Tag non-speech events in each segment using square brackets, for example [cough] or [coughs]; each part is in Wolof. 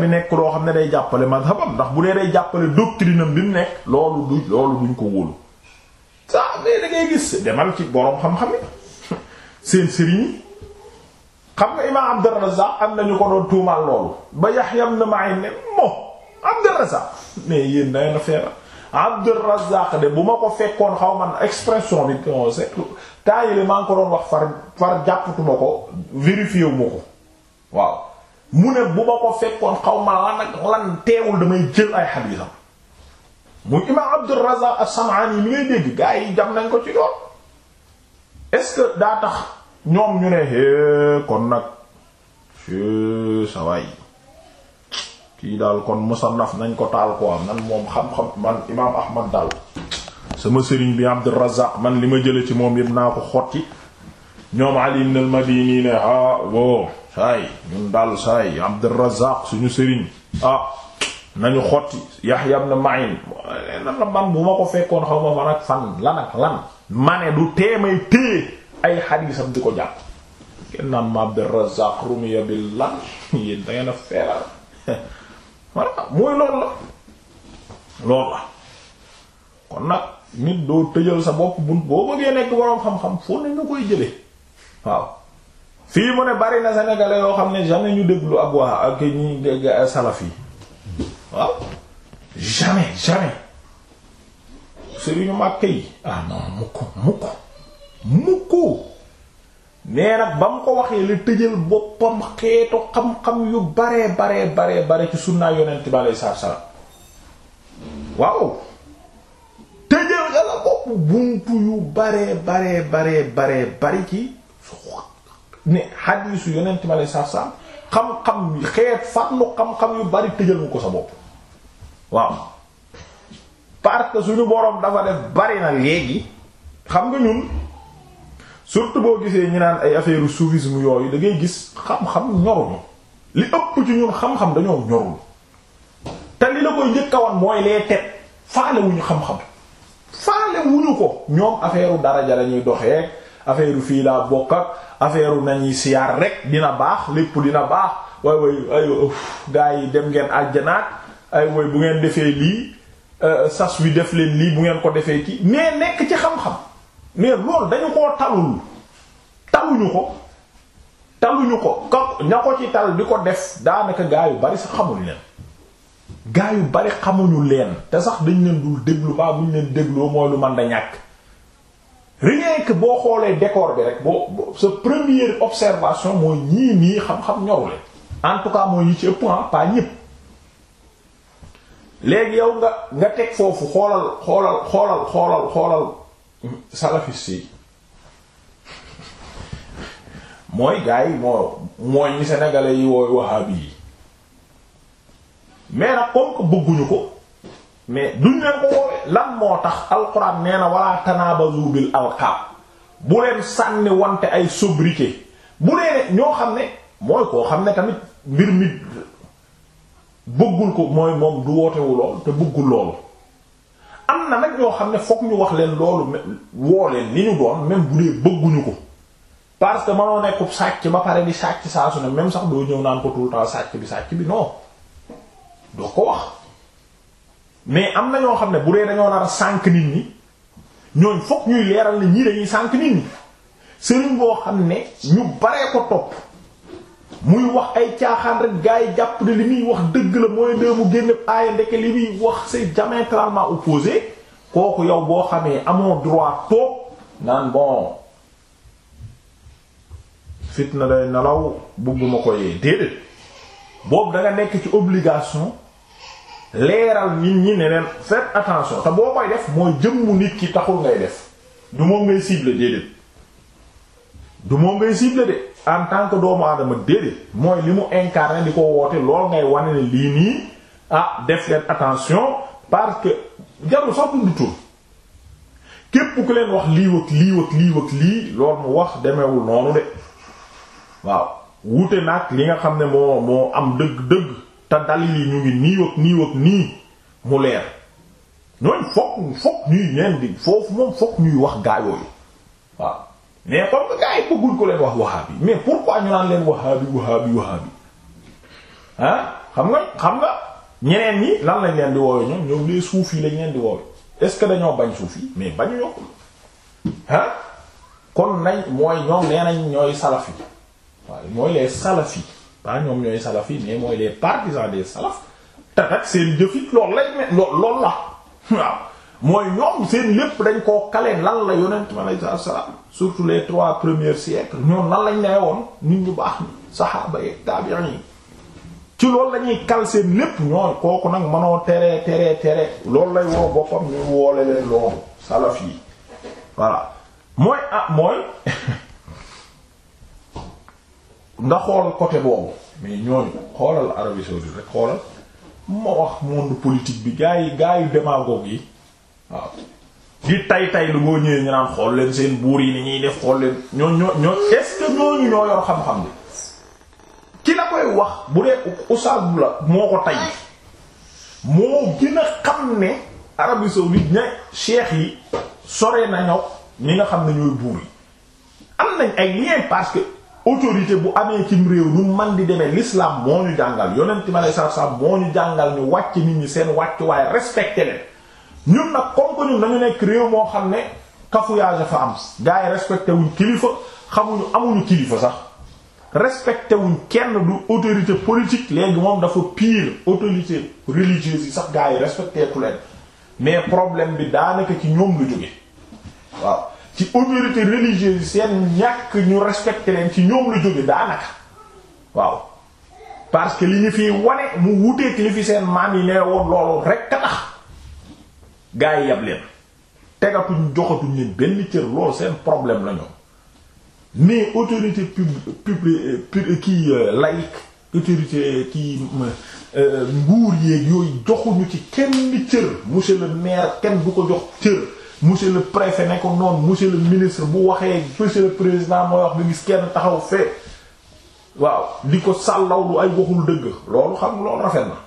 bi nekk loo xam ne day jàppale mazhabam ndax bu dee day jàppale doctrinam bi mu nekk loolu du loolu duñ ko wóolu saa mais gis demal ci boroom xam-xam yi [laughs] seen sëriñ yi xam nga imaam Abdurrazzaq am nañu ko doon tuumaal loolu ba Yahya ibn Ma'in ne moo Abdurrazzaq mais yéen day na feera Abdurrazzaq de bu ma ko fekkoon xaw man expression bi on sait temps maa ngi ko doon wax far far jàppatuma ko vérifié wu ko waaw mu ne bu ma ko fekkoon xaw ma lan lan teewul damay jël ay xadiisam mu imaam Abdur Razzaq as-Sam'ani mi ngay dégg gaa yi jam nañ ko ci yoon est-ce que daa tax ñoom ñu ne hee kon nag hee sa kii daal kon musannaf nañ ko taal ko am nan moom xam-xam man imaam Ahmad daal sama sëriñ bi Abdur Razzaq man li ma jële ci moom yëpp naa ko xotti ñoom Ali ibn al-Madini ne ah wo saay ñun daal saay Abdurrazzaq suñu sëriñ ah nañu xotti Yahya ibn Ma'in eh, lan la man bu ma ko fekkoon xaw ma man ak fan du teemay téye ay xadiisam di ko jàpp kenn naan ma Abdurrazzaq rumiya bil lan yéen da feeral [laughs] mooy loolu la loolu la kon nag nit doo tëjal sa bopp bunt boo bëggee nekk boroom xam-xam foo ne nga koy jëlee waaw fii mu ne bari na sénégalais yoo xam ne jamais ñu déglu ak waa ak ñi salaf yi waaw jamais jamais sëriñu Màkka yi ah non mukk mukk mukk nee nag ba mu ko waxee la tëjal boppam xeetu xam-xam yu baree baree baree bare ci sunnaa ci ne xadiisu yonent ma lay sarsam xam-xam xeet fànnu xam-xam yu bari tëjal mu ko sa bopp waaw park suñu boroom dafa def bari na léegi xam nga ñun surtout boo gisee ñu naan ay affaire soufisme yooyu da ngay gis xam-xam li ëpp ci ñun xam-xam dañoo ñorul te li la koy njëkk mooy les têtes faale wuñu xam-xam faale wuñu ko ñoom affaire daraja la ñuy doxee. affaire fii laa bokk ak affaire nañuy siyaar rek dina baax lépp dina baax waay waay ay gaa yi dem ngeen àjjanaat ay waay bu ngeen defee lii euh, sas wi def leen lii bu ngeen ko defee kii mais nekk ci xam-xam mais loolu dañu koo talul taluñu ko taluñu ko ka ña ko ci tal di ko def daanaka gaa yu bari sax xamul leen gaa yu bari xamuñu leen te sax dañ leen dul déglu ba buñ leen dégloo mooy lu man da ñàkk rien que boo xoolee décor bi rek boo sa première observation mooy ñii nii xam-xam ñorule en tout cas mooy ñi ci ëpp ah, pas ñëpp léegi yow nga nga teg foofu xoolal xoolal xoolal xoolal xoolal salafis yi mooy gars yi moo mooy ñi sénégalais yi wooy wahhabi yi mais nag comme bëgguñu ko mais du leen ko woowee lan moo tax alxuraan nee na wala tanaabazu bil alqaab bu leen sànni wante ay sobriquet bu leen ñoo xam ne mooy koo xam ne tamit mbir mi bëggul ko mooy moom du wootewu lool te bëggul loolu am na nag ñoo xam ne fokk ñu wax leen loolu woo leen li ñu doon même bu dee bëgguñu ko parce que mënoo nekkub sàcc ba pare di sàcc saa su ne même sax doo ñëw naan ko tout le temps sàcc bi sàcc bi non doo ko wax. mais am na ñoo xam ne bu dee dañoo nar a sànq nit ñi ñooñ fokk ñuy leeral ne ñii dañuy sànq nit ñi sëriñ boo xam ne ñu baree ko topp muy wax ay caaxaan rek gars yi jàpp ne li muy wax dëgg la mooy dee mu génn aaya ndeke li muy wax c'est diamétralement opposé kooku yow boo xamee amoo droit toog naan bon fitna day nelaw bugguma ko yee déedéet boobu da nekk ci obligation leeral nit ñi ne leen set attention te boo koy def mooy jëmmu nit ki taxul ngay def du moo ngay ciblé du moom ngay de en tant que doomu aadama déedéet mooy li mu incarné di ko woote lool ngay wane ne lii nii ah def leen attention parce que jarul sax du tur képp ku leen wax lii wëkk lii wëkk lii wëkk mu wax demeewul noonu de waaw wuute nag li nga xam ne moo moo am dëgg-dëgg. te dalil yi ñu ngi nii ak nii mu leer ñooñ fokk fokk ñuy neen di foofu moom fokk ñuy wax gaayooyu waaw mais comme que gars yi ko leen wax wahabi mais pourquoi ñu naan leen wahabi wahabi wahabi ah xam nga xam nga ñeneen ñi lan lañ leen di woowe ñoom ñoom les soufi lañ leen di woowe est-ce que dañoo bañ soufi mais bañu yokkul ah? kon nañ mooy ñoom nee ñooy salafi waaw mooy les salafi pas ñoom ñooy salaf yi mais mooy les partisans des salaf te nag seen jëfit loolu lay loolu la waaw mooy ñoom seen lépp dañ koo kale lan la yonent mi surtout les trois premiers siècles ñoom lan lañ nee woon ñu ñu baax ni saxaaba yi taabi'in ci loolu lañuy kal seen lépp ñoo kooku nag mënoo teree teree tere loolu lay woo boppam ñu woole leen loolu salaf yi voilà mooy ah mooy [laughs] nga xool côté boobu mais ñooñu xoolal Arabie saoudite rek xoolal ma wax monde politique bi gaa yi gaa yu démagogue yi waaw di tay tay lu boo ñëwee ñu xool leen seen buur yi ni ñuy def xool leen ñoo ñoo ñoo est-ce que ñoo yor xam-xam bi ki la koy wax bu dee usaab la moo ko tay moo gën a xam ne Arabie saoudite ña cheikh yi sore na nañoo ñi nga xam ne ñooy buur yi am nañ ay lien parce autorité bu amee cim réew nu man di demee lislaam moo ñu jàngal yonent ma lay saabsaab moo ñu jàngal ñu wàcc nit ñi seen wàcc waaye respecté leen ñun nag comme que ñun dañu nekk réew moo xam ne cafouillage fa am gars yi respecte wuñ kilifa xamuñu amuñu kilifa sax respecté wuñ kenn du autorité politique léegi moom dafa pire autorité religieuse yi sax gars yi respecté ku leen mais problème bi daanaka ci ñoom lu jóge waaw. ci autorité religieuse seen ñàkk ñu respecté leen ci ñoom la jóge daanaka waaw parce que li ñu fiy wane mu wuteek li fi seen maam yi nee woon loolu rek a tax gaa yi yab leen tegatuñ joxatuñ leen benn cër loolu seen problème la mais autorité publique publique kii euh, laïque autorité kii euh, nguur yeeg yooyu joxuñu ci kenn cër monsieur le maire kenn du ko jox cër monsieur le préfet ne ko noonu monsieur le ministre bu waxee monsieur le président mooy wax bi gis kenn taxaw fee waaw di ko sàllaw lu ay waxul dëgg loolu xam loolu rafet na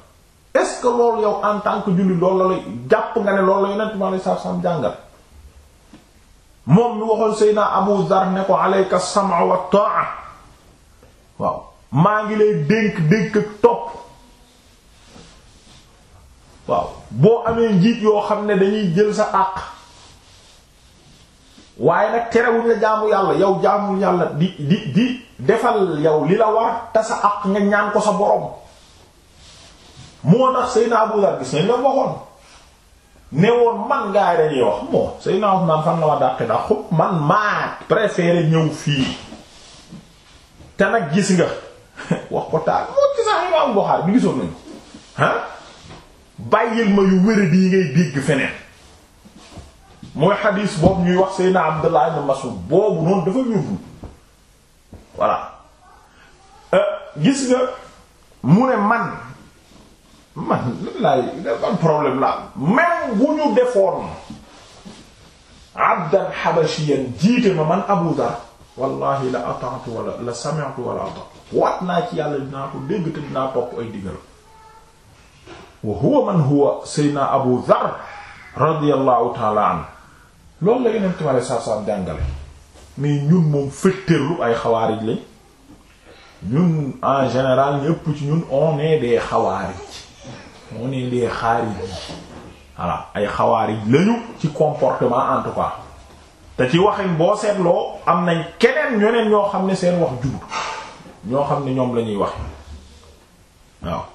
est-ce que loolu yow en tant que jullit loolu la lay jàpp nga ne loolu la yonent ma lay sarsam jàngal moom mi waxoon Seydina Abu Zar ne ko alayka sam'a wa waaw maa ngi lay dénk dénk ak topp waaw boo amee njiit yoo xam ne dañuy jël sa àq waaye nag terewuñ la jaamu yàlla yow jaamul yàlla di di di defal yow li la war te sa ak nga ñaan ko sa borom moo tax Seydina Abu Dar gis nañ la man ngaa dañuy wax bon Seydina Usmaan fan la ñëw fii te nag gis nga [laughs] wax ko taal moo ci sax Imaam Buxaari bi gisoon nañu ah bàyyil ma yu wéradi yi ngay dégg feneen. mooy xadiis boobu ñuy wax Seydina Abdullah ibn Mas'ud boobu noonu dafa wérul euh, gis nga mu ne man man laay ban problème la même bu ñu abdan xabashiyan jiite ma man Abu Dar wallahi la ata'tu wala la sami'tu wala ata'tu waat naa ci yàlla dinaa ko dégg te dinaa topp ay man huwa Seydina Abu Dar radiyallahu ta'ala anhu loolu la yeneen timale saab-saab jàngale mais ñun moom féttërlu ay xawaarij lañ ñun en général ñëpp ci ñun on est des xawaarij on est des xaarij ay xawaarij lañu ci comportement en tout cas te ci waxin boo seetloo am nañ keneen ñeneen ñoo xam ne seen wax jubut ñoo xam ne ñoom la ñuy wax waaw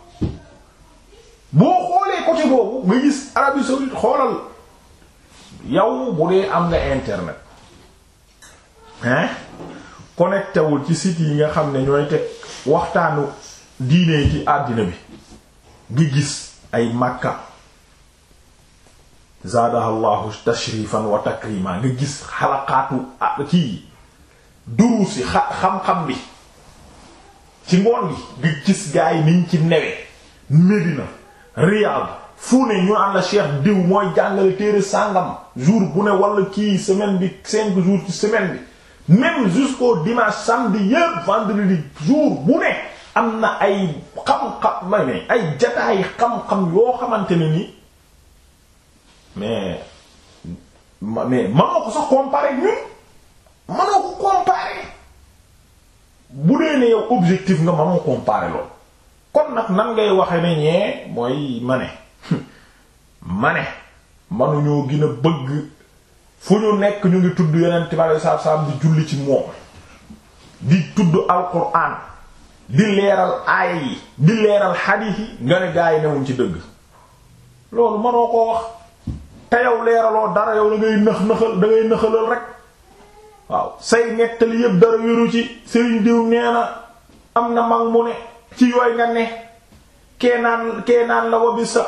boo xoolee côté boobu nga gis Arabie saoudite xoolal yow bu dee am nga internet hein connecté ci site yi nga xam ne ñooy teg waxtaanu diine ci àddina bi ngi gis ay Makka zaadahallahu tashrifan wa takrima nga gis xalaqaatu ah, kii duruusi xam-xam bi ci ngoon gi nga gis gaa yi niñ ci newe Medina Riyad fu ne ñu ànd la cheikh diw mooy jàngale téere sàngam jour bu ne wala kii semaine bi cinq jours ci semaine bi même jusqu'au dimanche samedi yépp vendredi jour bu ne am na ay xam-xam ma ay jataay yoo xamante ne ni mais mais manoo ko sax comparer ñun bu dee ne yow objectif nga manoo comparer lool kon nag nan ngay waxe ne mooy ma ne ma ne manuñoo gën bëgg fu ñu nekk ñu ngi tudd yonent bi alei satu salaam di julli ci moom di tudd alquran di leeral aaya yi di leeral xadiis yi nga ne gaa yi newuñ ci dëgg loolu mënoo koo wax te yow leeraloo dara yow da ngay nëx nëxal da nëxalal rek waaw say nettali yépp dara wéru ci sëriñ diw nee na am na mag mu ne ci yooy nga ne keenaan keenaan la wa bi sa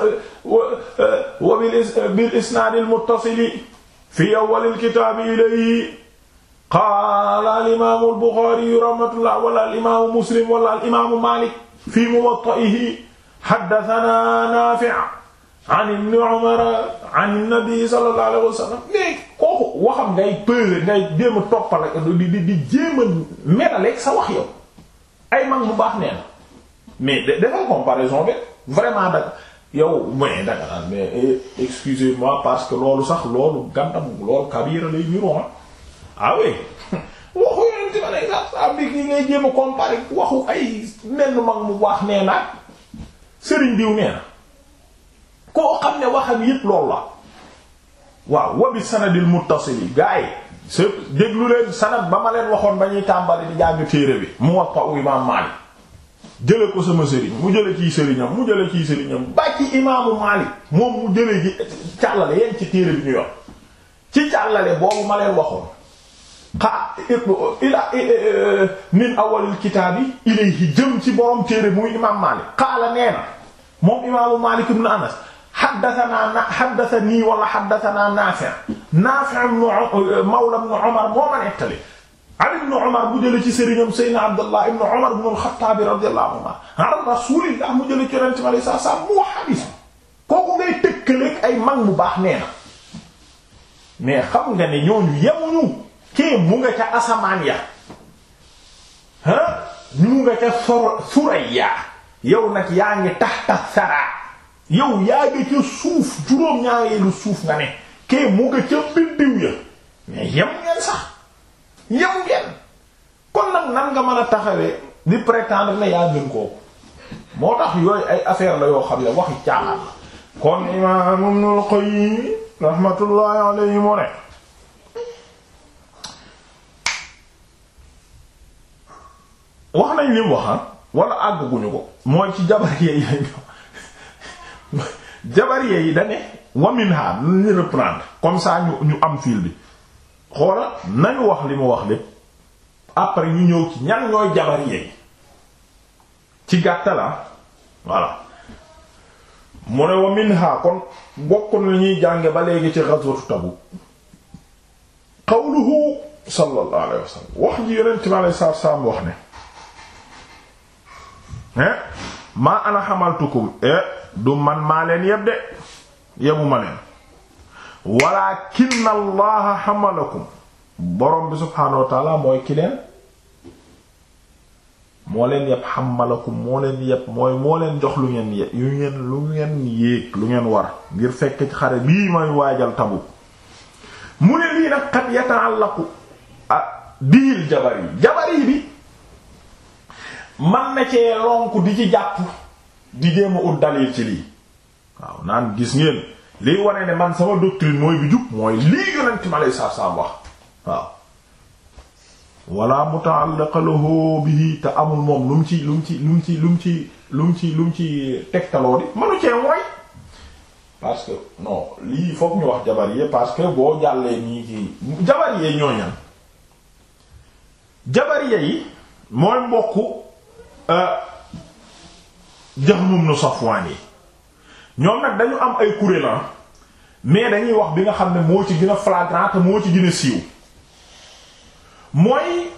wa eh, bil eh, isnaad al muttasil fi awwal al kitaab ilayhi qaala al imaamu al buxaari rahmatullah wala al imaamu muslim wala al imaamu maalik fi muwatta'ihi haddathanaa naafi' an ibni umara an nabi sallallahu alayhi wa sallam mais kooku waxam ngay pële ngay jéem a toppal di di di jéem a melaleeg sa wax yow ay mag mu baax nee na mais defal comparaison bi vraiment da yow mais da nga mais eh, excusez-moi parce que loolu sax loolu gàndam loolu kabira lay niroo ah. ah oui [laughs] waxu yonent bi alayhi salaam bi li ngay jéem a waxu ay mel mag mu wax nee na Serigne diw nee na koo xam ne waxam yépp loolu la waaw wa bi sanadil muttasili gaa yi déglu leen sanad ba ma leen waxoon ba ñuy tàmbali di jàng téere bi Muwatta imaam Maalik jële ko sama sëriñ mu jële ci sëriñam mu jële ciy sëriñam ba ci imaamu Maalik moom mu jële ji càllale yeen ci téere bi ñu yor ci càllale boobu ma leen waxoon xa ila min awalil kitaabi ilayhi jëm ci borom téere muy imaam Maalik xaala nee na moom imaamu Maalik ibn Anas nii wala xaddasanaa Naafi' Naafi' mawla ibn Umar moo ma nettali an ibn Umar mu jëlee ci sëriñam Seydina Abdallah ibn Umar ibn al-Khattab radiyallahu anhuma an Rasulillah mu jëlee ci Yonent bi sallallahu alayhi wa sallam mu hadiis kooku ngay tëkkaleeg ay mag mu baax nee na mais xam nga ne ñooñu yemuñu kii mu nga ca asamaan ya ah ñu nga ca Surayya yow nag yaa ngi tahta saraa yow yaa ngi ca suuf juróom-ñaareelu suuf nga ne kii mu nga ca biddiw ya mais yem ngeen sax. yem ngeen kon nag nan nga mën a taxawee di prétendre ne yaa gën kooku moo tax yooyu ay affaire la yoo xam ne waxi caaxaan la kon imaam Ibnul Qayyim rahmatullahi alayhi mu ne wax nañ lim waxa ah, wala àgguñu ko mooy ci jabariye yi [laughs] jabariye yi dane wamin ha ni reprendre comme ça ñu ñu am fil bi xoola nañu wax li mu wax lépp après ñu ñëw ci ñan ñooy jabar yeey ci gàttala ah, voilà mu ne wa minha kon bokk na ñuy jànge ba léegi ci ghazwatu Tabuk qawluhu sallallahu alayhi wa sallam wax ji yonent bi alayhi salaatu wax ne eh, ma ana xamaltukum e eh, du man maa leen yeb de yebuma leen walakinna allaha xamalakum borom bi subhaanahu wa mooy ki leen moo leen yépp xamalakum moo leen yépp mooy moo leen jox lu ngeen ye lu ngeen yéeg lu ngeen war ngir fekk ci xare bii mooy waajal tabu mu ne lii nag qad yata'allaqu ah, biil jabar yi jabar yi bi man na cee lonku di ci jàpp di jéema ut dalil ci lii waaw naan gis ngeen liy wane ne man sama doctrine mooy bi jub mooy lii yonent ma lay saab-saab wax waaw wala muta'allaqa lahu bihi te amul moom lu mu ci lu mu ci lu mu ci lu mu ci lu mu ci lu mu ci tegtaloo di parce que non lii foog ñu wax jabar yee parce que boo jàllee nii ci jabar yee ñoo ñan jabar yi mooy mbokku euh, Jaxmum nu Safwaan yi ñoom nag dañu am ay kuréel ah. mais dañuy wax bi nga xam ne moo ci gën a flagrant moo ci gën a siiw mooy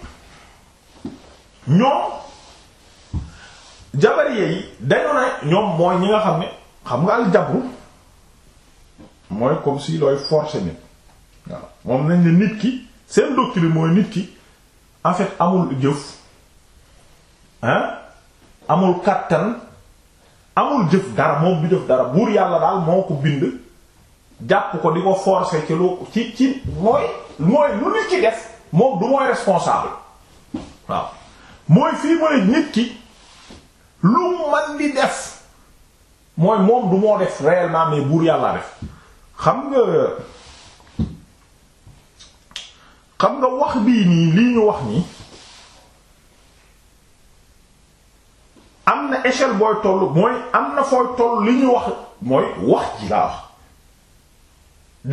ñoom jabariye yi dañoo ne ñoom mooy ñi nga xam ne xam nga al jabru mooy comme si looy forcer nit waaw moom nañ ne nit ki seen doctrine mooy nit ki en amul jëf amul kàttan amul jëf dara moom du jëf dara buur yàlla daal moo ko bind jàpp ko di ko forcer ci lu ci ci mooy mooy lu nit ki def moom du mooy responsable waaw mooy fii mooy nit ki lu man di def mooy moom du moo def réellement mais buur yàlla def xam nga xam nga wax bii nii lii ñu wax nii am na échelle booy toll mooy am na fooy toll li ñu wax mooy wax ji laa wax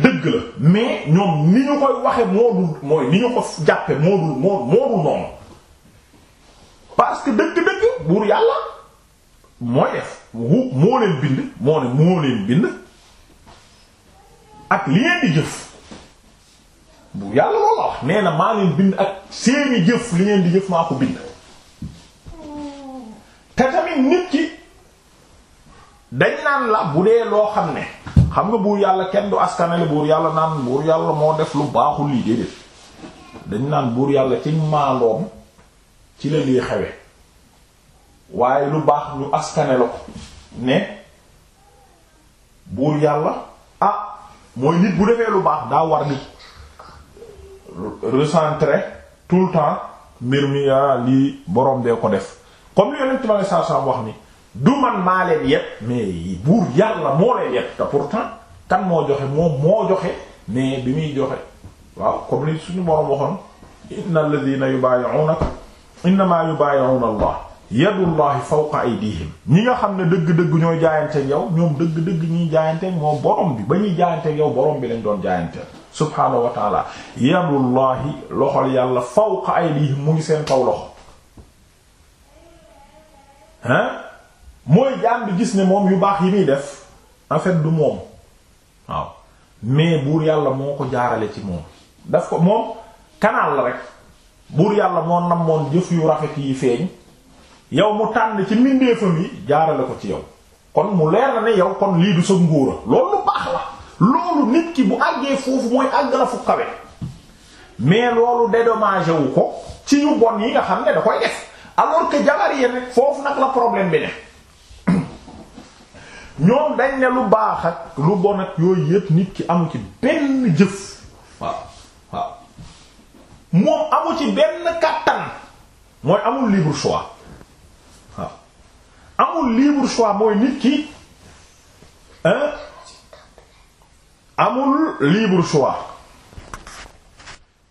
dëgg la mais ñoom ni ñu koy waxe moodul mooy ni ñu ko jàppe moo moodul que dëgg-dëgg buur yàlla mooy def moo leen moo ne moo leen bind ak buur yàlla loolu la wax nee na maa leen bind ak seeni jëf li ngeen di jëf maa ko bind te tamit nit ki dañ naan la bu dee loo xam ne xam nga buur yàlla kenn du askanale buur yàlla naan buur yàlla moo def lu baaxul lii déedéet dañ naan buur yàlla ci maandoom ci la lii xewe waaye lu baax ñu askanale ko ne buur yàlla ah mooy nit bu defee lu baax daa war nit recentrer tout le temps mbir mi yaa ah, lii borom dee ko def comme li yonent bi sallallahu alayhi wasallam wax ni du man maa leen yépp mais buur yàlla moo leen yépp te pourtant kan moo joxe moom moo joxe mais bi muy joxe waaw comme li suñu borom waxoon inna alladhina yubayyi'unaka innama yubayyi'una allah yadullahi fawqa aydihim ñi nga xam ne dëgg-dëgg ñooy jaayanteeg yow ñoom dëgg-dëgg ñuy jaayanteeg moom borom bi ba ñuy jaayanteeg yow borom bi lañ doon jaayanteel subhaanahu wa taala yadullahi loxol yàlla fawqa aydihim mu ngi seen kaw loxo mooy jaam gis ne moom yu baax yi muy def en du moom waaw mais buur yàlla moo ko jaarale ci moom daf ko moom kanaan la rek buur yàlla moo namoon jëf yu rafet yi feeñ yow mu tànn ci mbindeefam yi jaarale ko ci yow kon mu leer na ne yow kon lii du sa nguura loolu lu baax la loolu nit ki bu àggee foofu mooy àgg la fu kawe mais loolu dédommagé ko ci yu bon yi nga xam ne da koy def alors que jabar yi foofu nag la problème bi ne ñoom dañ ne lu baax ak lu bon ak yooyu yépp nit ki amu ci benn jëf amu ci benn kàttan mooy amul libre choix waaw amul libre mooy libre choix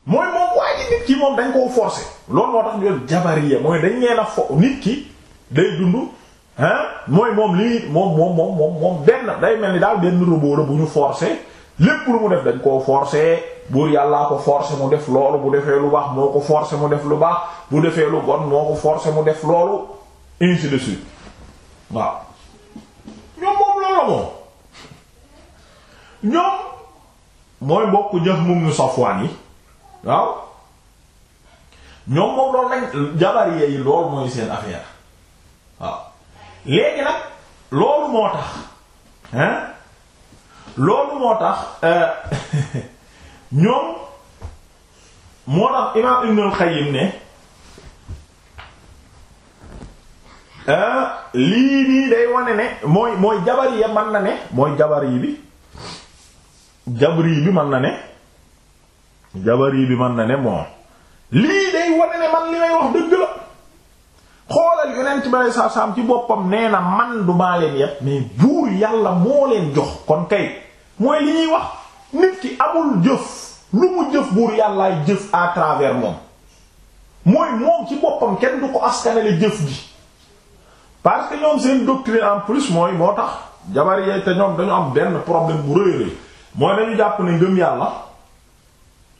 mooy moom waa nit ki moom dañ koo forcer loolu moo tax ñu jabariya mooy dañ nee na fo nit ki day dund ah mooy moom lii moom moom moom moom benn day mel ni daal benn robot la bu ñu forcé lépp lu mu def dañ koo forcé buur yàllaa ko forcé mu def loolu bu defee lu baax moo ko forcé mu def lu baax bu defee lu bon moo ko mu def loolu ainsi de suite waaw ñoom moom loolu la moom ñoom yi waaw ñoom loolu mooy seen affaire waaw léegi nag loolu moo tax hein loolu moo tax euh, [laughs] ñoom moo tax imaam Ibn al-Qayyim ne euh, lii nii day wane ne mooy mooy jabari ya mën na ne mooy jabari bi jabari bi man na ne jabari bi mën na ne moom lii day wane ne man li may wax dëgg xoolal yonent bi saa saam ci boppam nee na man du maa leen yépp mais buur yàlla moo leen jox kon kay mooy li ñuy wax nit ki amul jëf lu mu jëf buur yàllaay jëf à travers moom mooy moom ci boppam kenn du ko askanale jëf gi parce que ñoom seen doctrine en plus mooy moo tax jabar yey te ñoom dañu am benn problème bu rëy rëy mooy dañu jàpp ne ngëm yàlla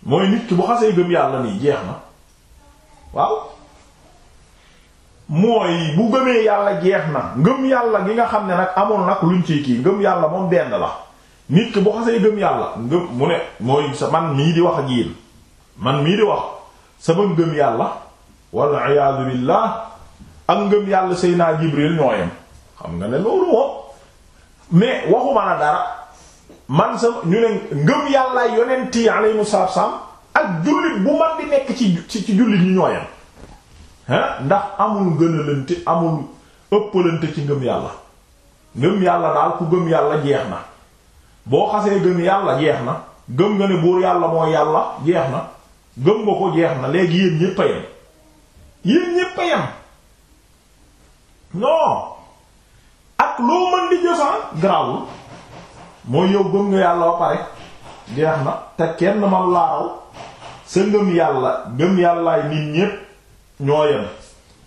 mooy nit ki bu xasee gëm yàlla nii jeex na waaw mooy bu gëmee yàlla jeex na ngëm yàlla gi nga xam ne nag amul nag luñ ci kii ngëm yàlla moom benn la nit ki bu xasee gëm yàlla ngëm mu ne mooy sa man mii di wax ak yéen man mii di wax sama ngëm yàlla walla iyaadu billah ak ngëm yàlla Seydina Jibril ñooyam xam nga ne loolu moom mais waxuma na dara man sa ñu ne ngëm yàlla yonent yi alayhimu salaam ak jullit bu man di nekk ci ci jullit ñu ñooyam ndax amul gënalante amul ëppalante ci ngëm yàlla ngëm yàlla daal ku gëm yàlla jeex na boo xasee gëm yàlla jeex na gëm nga ne yàlla mooy yàlla jeex na gëm nga ko jeex na léegi yéen ñépp a yem yéen ñépp a yem non ak loo mën di jëfaan ah, grawul mooy yow gëm nga yàlla ba pare jeex na te kenn man laaw sa ngëm yàlla ngëm yàllaay nit ñépp ñoo yem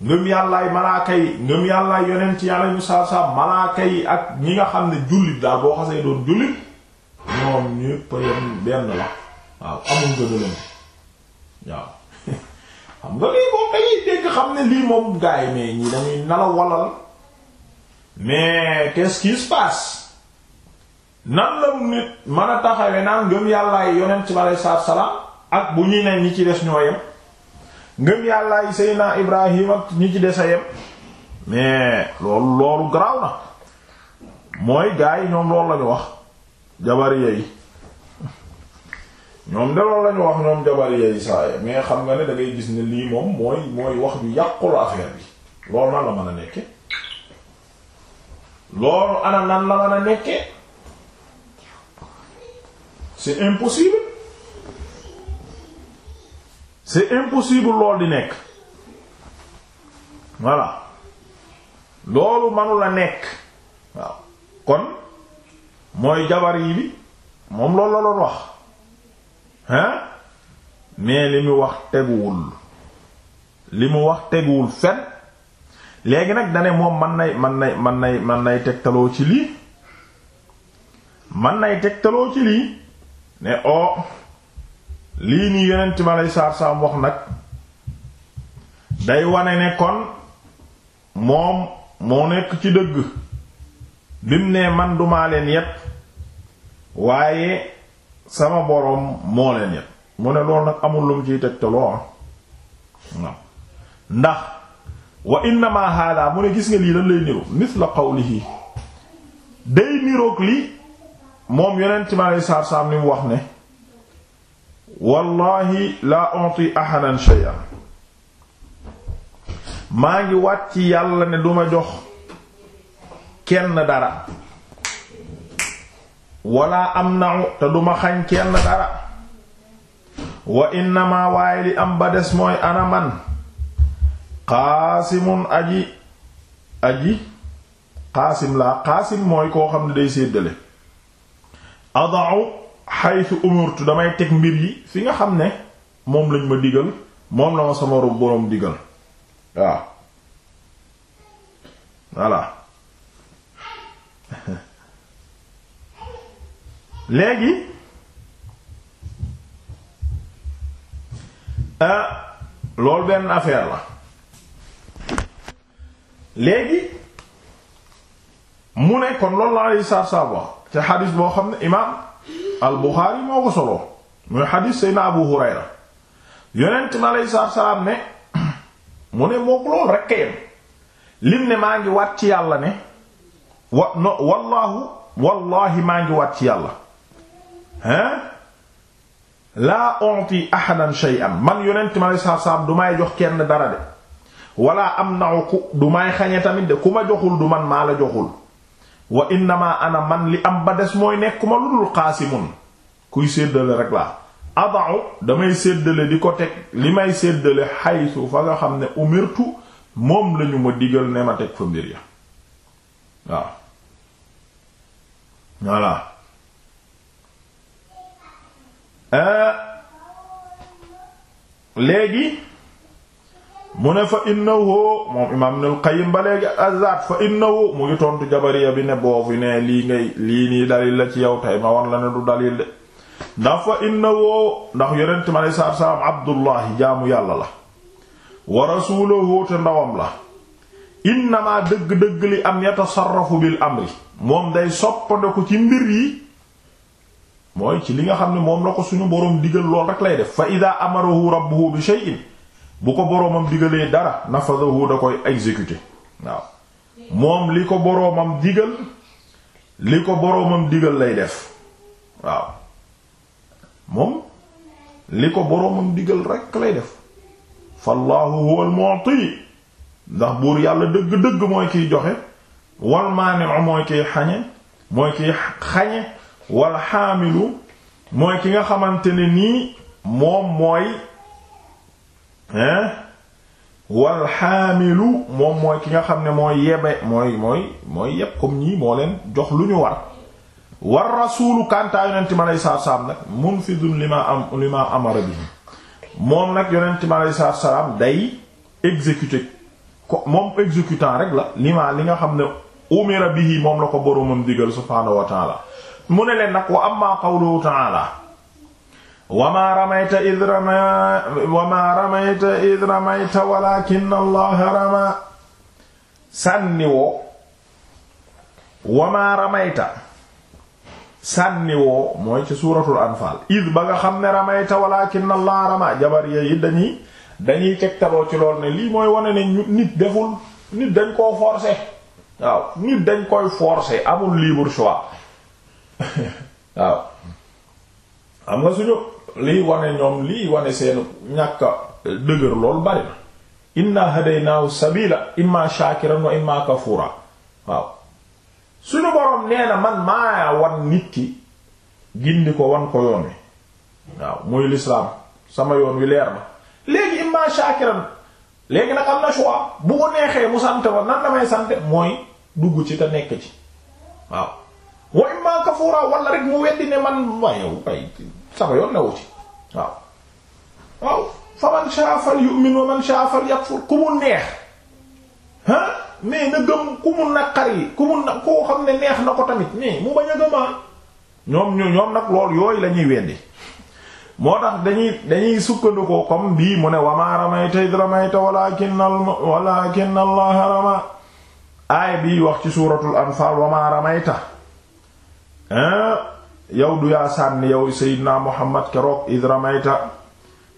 ngëm yàllaay malaaka yi ngëm yàllaay yonent yàlla ñu saab saab malaaka yi ak ñi nga xam ne jullit daal boo xasee doon jullit ñoom ñépp yem benn la waaw amul gënalante waaw [laughs] xam nga lii moom dañuy dégg xam ne lii moom gaay mais ñi dañuy nelaw walal mais qu'est-ce qui se passe nan la mu nit mën a taxawee naan ngëm yàllaay yonent bi aleyhi salaam ak bu ñuy ne ñi ci des ñoo yem ngëm yàlla yi Seydina Ibrahim ak ñi ci des a yem mais loolu loolu garaaw na mooy gaa yi ñoom loolu lañu wax jabariya yi ñoom de loolu lañu wax ñoom jabariya yi saaye mais xam nga ne da gis ne lii moom mooy mooy wax ju yàqul affaire bi loolu nan la mën a nekke loolu ana la mën a nekke c'est impossible c'est imposible lool di nekk voilà loolu manula nekk waaw kon mooy jabar yi moom loolu la doon wax hein mais li mu wax teguwul li mu wax teguwul fen léegi nag dane moom man nay man nay man nay man nay tegtaloo ci lii man nay tegtaloo ci lii ne o oh, lii nii yonent ma lay saar saam wax nag day wane ne kon moom moo nekk ci dëgg bim ne man duma leen yépp waaye sama boroom moo leen yépp mu ne loolu nag amul lum ciy tegtaloo ah waaw ndax wa innama hada mu ne gis nga lii lan lay niru misla qawlihi day niroog li moom yonent ma lay saar saam mu wax ne wallahi laa onti ahadan shay'a maa ngi wàcc yàlla ne duma jox kenn dara wala am nau te duma xañ kenn dara wa innama waaye li am ba des mooy ana man qaasimun aji aji qaasim laa qaasim mooy koo xam ne day séddale xaytu umurtu damay teg mbir yi fi nga xam ne moom lañ ma digal moom la ma sama boroom digal waaw voilà [laughs] léegi euh, loolu benn affaire la léegi mu ne kon loolu la aleyhi salaatu salaam wax boo xam ne imaam al Buxaari moo ko soloo muy xadiis Seydina Abu Hurayra yonent mi aleyhi salaam ne mu ne moo ko rekk yem lim ne maa ngi waat ci yàlla ne wa no wallaahu wallaahi maa ngi waat ci yàlla hein laa onti ahadan shay'an man yonent mi aleyhi salaam du may jox kenn dara de wala am naw ku du may xañe tamit de ku ma joxul du man maa la joxul wa innama ana man li am ba des mooy nekkuma lu dul xaasimun kuy séddale rek laa adau damay séddale di ko teg li may séddale xaysu fa nga xam ne umirtu moom lañu ma digal ne ma teg fa mbir ya waaw voilà euh, léegi mu ne fa innahu moom imaam Ibnul Qayyim ba léegi azat fa innahu mu ngi tontu jabariya bi ne boobu ne lii ngay lii nii dalil la ci yow tey ma wan la ne du dalil de ndax fa innahu ndax yonent mi aleyhi salaatu salaam Abdullahi jaamu yàlla la wa rasuuluhu te ndawam la innamaa dëgg-dëgg li am yatasarrafu bil amri moom day soppandeku ci mbir yi mooy ci li nga xam ne moom la ko suñu boroom digal lool rek lay def fa idaa amarahu rabbuhu bi shay'in bu ko boroomam digalee dara nafadahu da koy exécuter waaw moom li ko boroomam digal li ko boroomam digal lay def waaw moom li ko boroomam digal rekk lay def fallahu huwal mu'ti ndax buur yàlla dëgg-dëgg mooy kiy joxe wal maani'u mooy kiy xañe mooy kiy xañe wal xaamilu mooy ki nga xamante ne nii moom mooy wal xaamilu moom mooy ki nga xam ne moo yebe mooy mooy mooy yépp comme ñii moo leen jox lu ñu war war rasuulu kantaa yonent mi aleyhi salaatu salaam nag munfidun li ma am li ma amara bi moom nag yonent mi aleyhi salaatu salaam day exécuter moom exécutant rek la li li nga xam ne umira bihi moom la ko boroomam digal subhaanahu wa mu ne leen nag wa amma qawluhu taala wamaa ramayta id ramaa wamaa ramayta id ramayta sànni woo wamaa ramayta sànni woo mooy ci suuratul anfaal id ba nga xam ne ramayta walakin allaha rama jabar yi dañuy dañuy tegtaloo ci lool ne lii mooy wane ne nit deful nit dañ koo forcer waaw nit dañ koy forcer amul libre choix [laughs] waaw xam nga suñu liy wane ñoom liy wane seen ñàkk dëgër lool bari na inna hadaynaahu sabila imma shakiran wa imma kafura waaw suñu boroom nee na man maa wan nit ki gindi ko wan ko yoon wi waaw muy lislaam sama yoon wi leer na léegi imma shakiran léegi nag am na choix bu ko neexee mu sant wa nan damay sant mooy dugg ci te nekk ci waaw wa imma kafura wala rek mu weddi ne man ma yow sama yoon newu ci waaw waaw fa man sha'a falyu'min wa man sha'a ku mu neex ah mais na gëm ku mu naqari ku mu na koo xam ne neex na ko tamit mais mu bañ a gëmaa ah. ñoom ñu ñoom nag lool yooyu la ñuy weddi moo tax dañuy dañuy sukkandikoo comme bii mu ne wamaa ramayta ramayta walakin walakin rama aaya bii wax ci suuratul anfaal wamaa ramayta yow du yaa sànni yow Seydina Muhammad keroog id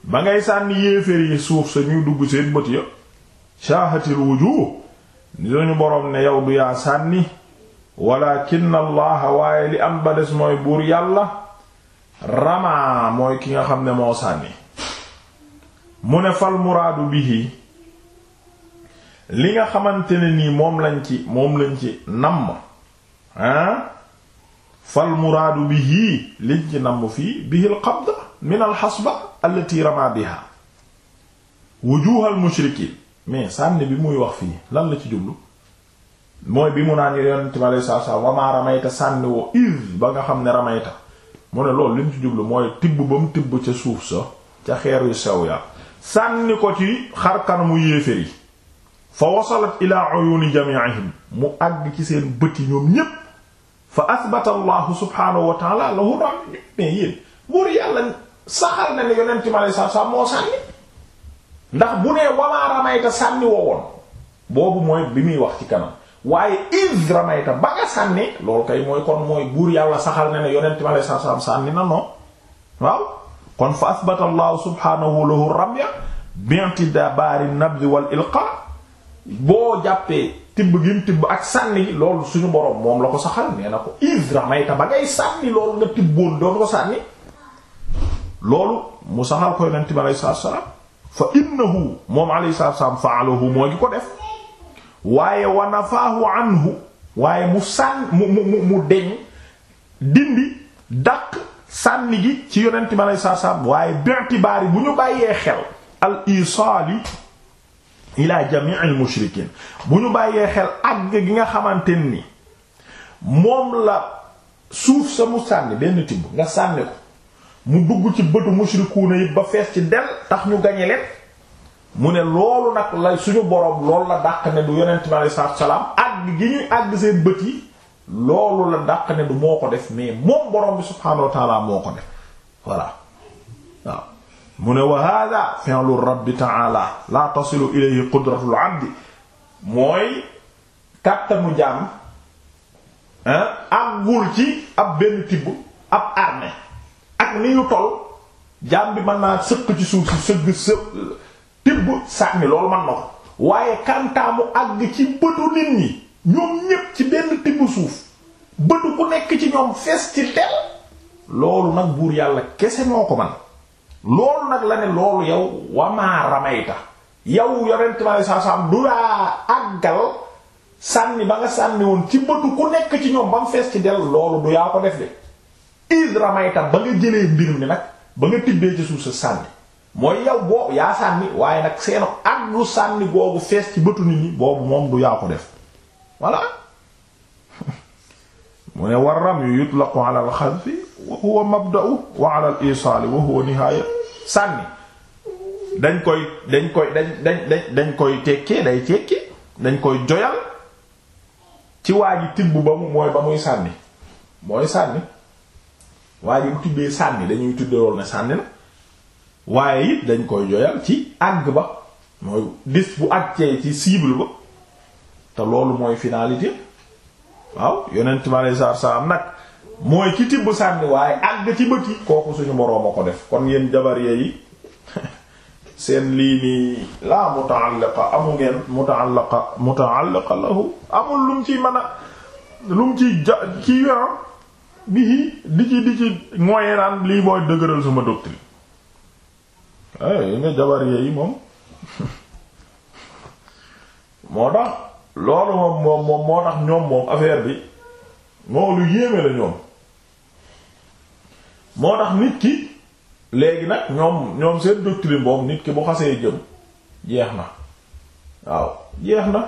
ba ngay sànni yéeféer yi suuf sa ñuy dugg seen bët ya shaahatil wujuh suñu boroom ne yow du yaa sànni walakin allah waaye li am ba des mooy buur yàlla ramaa mooy ki nga xam ne moo sànni mu ne fal muraadu bihi li nga xamante ne nii moom lañ ci moom lañ ci namm ah fal muraadu bihi liñ ci namm fii bihi al qabda min al hasba allati rama biha mushrikiin mais sànni bi muy wax fii lan la ci jublu mooy bi mu naan yonent bi ba nga xam ne ramayta mu ne li ci jublu mooy tibb ba mu tibb ca suuf sa ca xeer yu sew ya sànni ko ci xar kanamu yéeféer yi fa wasalat ila uyuni jami'ihim mu àgg ci seen bët yi ñoom ñépp fa asbata allahu subhaanahu wa taala lahu ram buur yàlla saxal na ne yonent mi alei moo sànni ndax bu nee wamaa ramayta sànni wowoon boobu mooy bi muy wax ci kanam waaye iz ramayta ba nga sànni loolu kay mooy kon mooy buur yàlla saxal na ne yonent mi alei satu selaam sànni na noonu waaw kon fa asbata allahu subhaanahu lahu ramya bi'tidabaari nabdi wal ilqa boo jàppee tibb gi mu tibb ak sànni gi loolu suñu boroom moom la ko saxal nee na ko isra mayta ba ngay sànni loolu nga tibboon doon ko sànni loolu mu saxal ko yonent bi alayhi salaatu wa salaam fa innahu moom moo gi ko def waaye wa nafaahu anhu waaye mu sànn mu mu mu deñ dindi daq sànni gi ci yonent bi alayhi salaatu wa salaam waaye bi'tibaari bu ñu bàyyee xel al isaali ila jami'il mushrikiin bu ñu bàyyee xel àgg gi nga xamante ni moom la suuf sa mu sànni benn tibb nga sànni ko mu dugg ci bëtu mushrikuuna yi ba fees ci del tax ñu gañe leen mu ne loolu nag la suñu boroom loolu la dàq ne du yonent bi alayhi salaatu salaam àgg gi ñuy àgg seen bët yi loolu la dàq ne du moo ko def mais moom boroom bi subhaanahu wa moo ko def voilà mu ne wa hada fi'lu rabbi ta'ala la tasilu ilayhi qudratul abdi mooy kàttanu jaam àggul ci ab benn tibb ab armée ak ni ñu toll jaam bi mën naa sëq ci suuf si sëgg sëq tibb sànni loolu mën na ko waaye kantaamu àgg ci bëtu nit ñi ñoom ñépp ci benn tibb suuf bëtu ku nekk ci ñoom fees ci del loolu nag buur yàlla kese moo ko man loolu nag la ne loolu yow wamaa ramayta yow yonent bi sa saam du laa àggal sànni ba nga sànni woon ci bëtu ku nekk ci ñoom ba fees ci del loolu du yaa ko def de id ramayta ba nga jëlee mbir mi nag ba nga tibbee ci suuf sa sànni mooy yow boobu yaa sànni waaye nag seeno àggu sànni googu fees ci bëtu nit ñi boobu moom du yaa ko def voilà [laughs] mu ne war ram yu yutlaqu ala al xadfi wa huwa mabda'u wa ala al-isaali wa huwa nihaaya sànni dañ koy dañ koy dañ dañ dañ dañ koy tekkee day tekkee dañ koy joyal ci waa ji tibb ba mu mooy ba muy sànni mooy sànni waa ji bu tibbee sànni dañuy tuddee lool ne sànni la waaye it dañ koy joyal ci àgg ba mooy dis bu àggee ci cible ba te loolu mooy finalité waaw yonent mi alayhi salaam nag mooy ci tibb sànni waaye àgg ci bët kooku suñu boroom ko def kon yéen jabariya yi [laughs] seen lii nii laa muta'allaqa amu ngeen muta'allaqa muta'allaqa lahu amul lum ci mën a lum ci ja ci yoram bii di ci di ci mooyee naan lii mooy dëgëral suma doctrine ay eh, nga jabariya yi moom [laughs] moo tax loolu moom moom moo tax ñoom moom affaire bi moo lu yéeme la ñoom moo tax nit ki léegi nag ñoom ñoom seen doctrine boobu nit ki bu xasee jëm jeex na waaw jeex na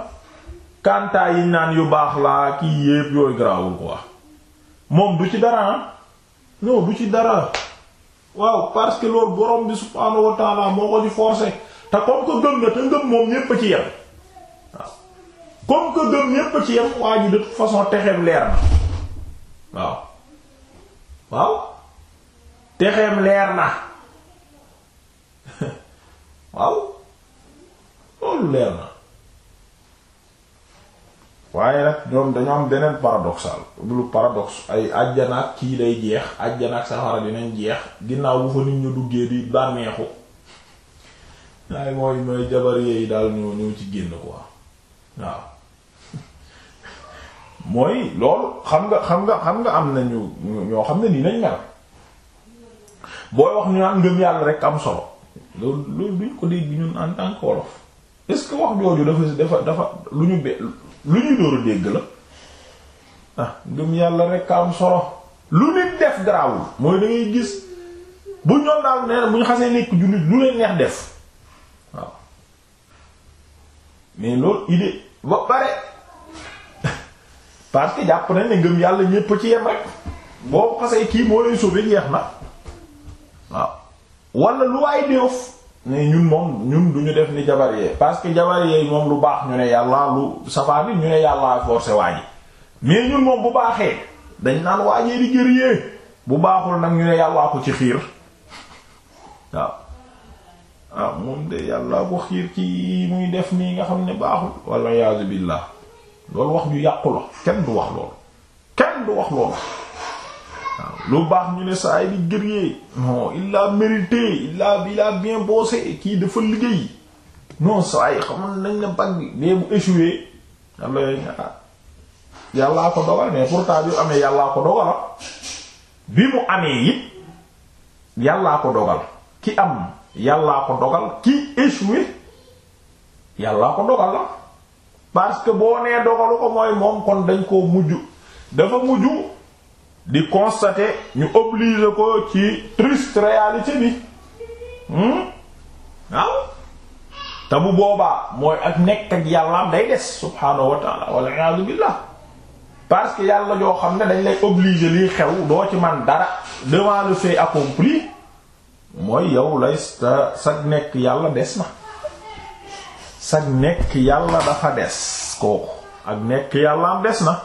kantaa yi naan yu baax laa kii yépp yooyu garaawul ko wax moom du ci dara non du ci dara waaw parce que loolu borom bi subhaanahu wa taala moo ko ci forcer te comme que gëm na te ngëm moom ñépp ci yem waaw comme que gëm ñépp ci yem waa ji de façon texeem leer na waaw waaw texeem leer na waaw loolu leer na waaye nag ñoom dañoo am beneen paradoxal lu paradoxe ay àjjanaak kii day jeex àjjanaak safara dinañ jeex ginnaaw bu fa nit ñu duggee di bànneexu waaye mooy mooy jabar yi daal ñoo ñoo ci génn quoi waaw [laughs] mooy loolu xam nga xam nga xam nga am na ñu ñoo xam ne nii nañ mel booy wax ñu naan ngëm yàlla rek am solo loolu loolu duñ ko dégg ñun en tant que wolof est-ce que wax jooju dafa dafa dafa lu ñu be lu ñuy door dégg la ah, ngëm yàlla rek am solo lu nit def garaawul mooy da gis bu ñoom daal nee bu ñu xasee nekk jullit lu leen neex def waaw mais loolu idée ba pare [laughs] parce que jàpp nañ ne ngëm yàlla ñépp ci yem rek boo xasee kii moo lay sauver jeex na. wala lu waay déof ne ñun moom ñun duñu def ni jabar yee parce que jabar yee moom lu baax ñu ne yàlla lu safaa bi ñu ne yàlla forcé waa ji mais ñun moom bu baaxee dañ naan waajee di jër yee bu baaxul nag ñu ne yàllaa ko ci xiir waaw waaw moom de yàllaa ko xiir ci muy def nii nga xam ne baaxul walla yaazu billaah loolu wax ju yàqu la kenn du wax loolu kenn du wax loolu lu baax ñu ne saa yi di gërëyee non il a mérité bien bossé kii dafa liggéey non saa yi xamoon nañ ne bag bi bu échoué yàlla ah, yàllaa ko dogal mais pourtant bi ko dogal ah. bi mu amee it yàllaa ko dogal ki am yàllaa ko dogal ki échoué yàllaa ko dogal la ah. parce que boo nee dogalu ko mooy moom kon dañ koo mujj dafa mujj. di constater ñu obligé ko ci triste réalité bi hmm? waaw te bu boobaa mooy ak nekk ak yàllaam day des subhaanahu wa taala wal iyaadu parce que yàlla joo xam ne dañ lay obligé liy xew doo ci man dara devant le fait accompli mooy yow lay sa sag nekk yàlla des na sag nekk yàlla dafa des kooku ak nekk yàllaam des na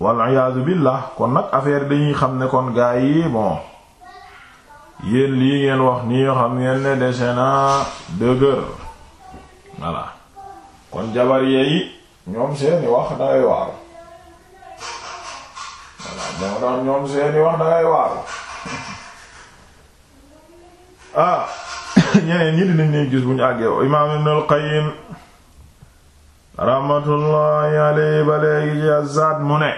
wal iyaadu billah kon nag affaire dañuy xam ne kon gaa yi bon yéen lii ngeen wax nii xam ngeen ne dese dëgër voilà kon jabar yi ñoom seeni wax dangay waaru voilà moo tax ñoom seeni wax dangay waaru ah [coughs] ñeneen ñi dinañ leen gis bu ñu àggee imaam Ibnul Qayyim raxmatullahi alayhi ba léegi ci azzaad mu ne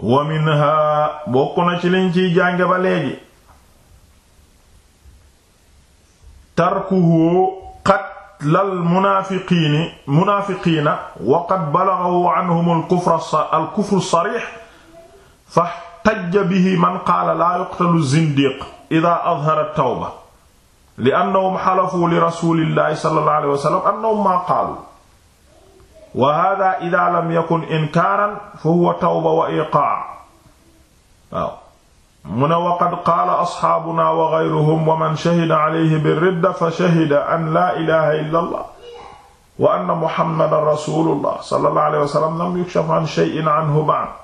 wa minha bokk na ci liñ ciy jànge ba léegi tarkuhu qatlal munaafiqiini munaafiqiina wa qad balagahu anhum al-kufru as-sariix fa ihtajja bihi man qaala laa yuqtalu az-zindiiq idaa azhara at-tawba li annahum xalafu li rasulillahi sallallahu alayhi wa sallam annahum maa qaalu wa hada ida lam yakun inkaaran fa huwa tawba wa iqaa waaw mu ne waqad qaala asxaabuna wa gayruhum wa man shahida alayhi birridda fa shahida an laa ilaha illa allah wa anna muhammadan rasulullah sallallahu alayhi wa sallam lam yukshaf an shay'in anhu ba'd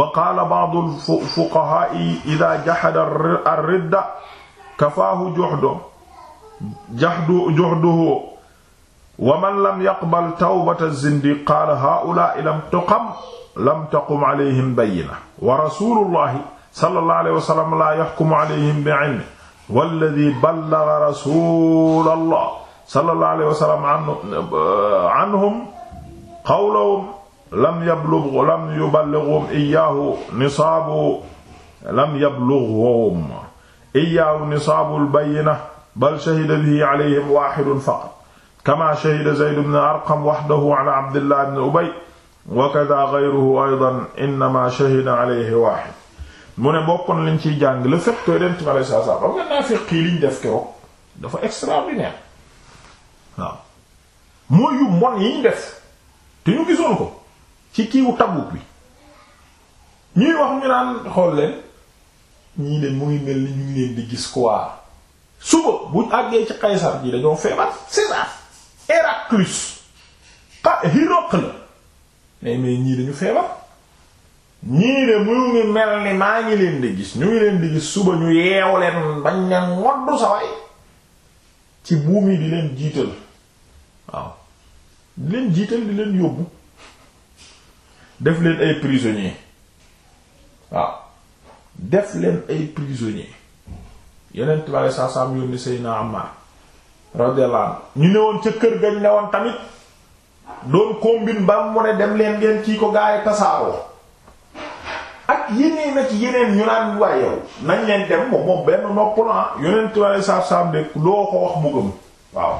wa qaala ba'du al fuqahaa ida jahada ar-ridda kafaahu juhdu jahdu juhduhu wa man lam yaqbal tawbata zindiq qaala haa'ulaa'i lam tuqam lam taqum alayhim bayyina wa rasuulullahi sallallahu alayhi wa sallam laa yahkumu alayhim bi'ilmi walladhi ballagha rasuulallahi sallallahu alayhi wa sallam anhum qawlahum lam yablughu lam yuballighuhum iyyaahu nisaabu lam yablughuhum iyaahu nisaabu lbayina bal shahida bihi alayhim waaxidun faqat kama shahida zayd bnu arqam waxdahu ala abdillah bni ubay wa kada gayruhu aydan innama shahida alayhi waaxid mu ne bokkoon lañ ciy jàng le fait que Yonent bi alayhi salaam xam nga naafiq yi liñ def keroog dafa extraordinaire waaw mooy yu mbon yi ñu def te ñu gisoon ko ci kiiwu Tabuk bi ñuy wax ñu naan xool leen ñii mu mooy mel ni ñu ngi leen di gis quoi suba buñ àggee ci Qaysar ji dañoo feebar César Héraclius pa Hirocle mais mais ñii dañu feebar ñii de mu ngi mel ni maa ngi leen di gis ñu ngi leen di gis suba ñu yeewu leen bañ ne ngoddu sa way ci buum yi di leen jiital waaw di leen jiital di leen yóbbu def leen ay prisonniers waaw def leen ay prisonniers yeneen tubaab saa saa mu yónni Seydina Ammar radiyallahu anhu ñu ne woon ca kër gañ ne woon tamit doon combine ba mu ne dem leen ngeen ci ko gaay tasaaroo ak yeneen na ci yeneen ñu naan way yow nañ leen dem moom moom benn nopp la yeneen tubaab saa saa mu de ko wax mu gëm waaw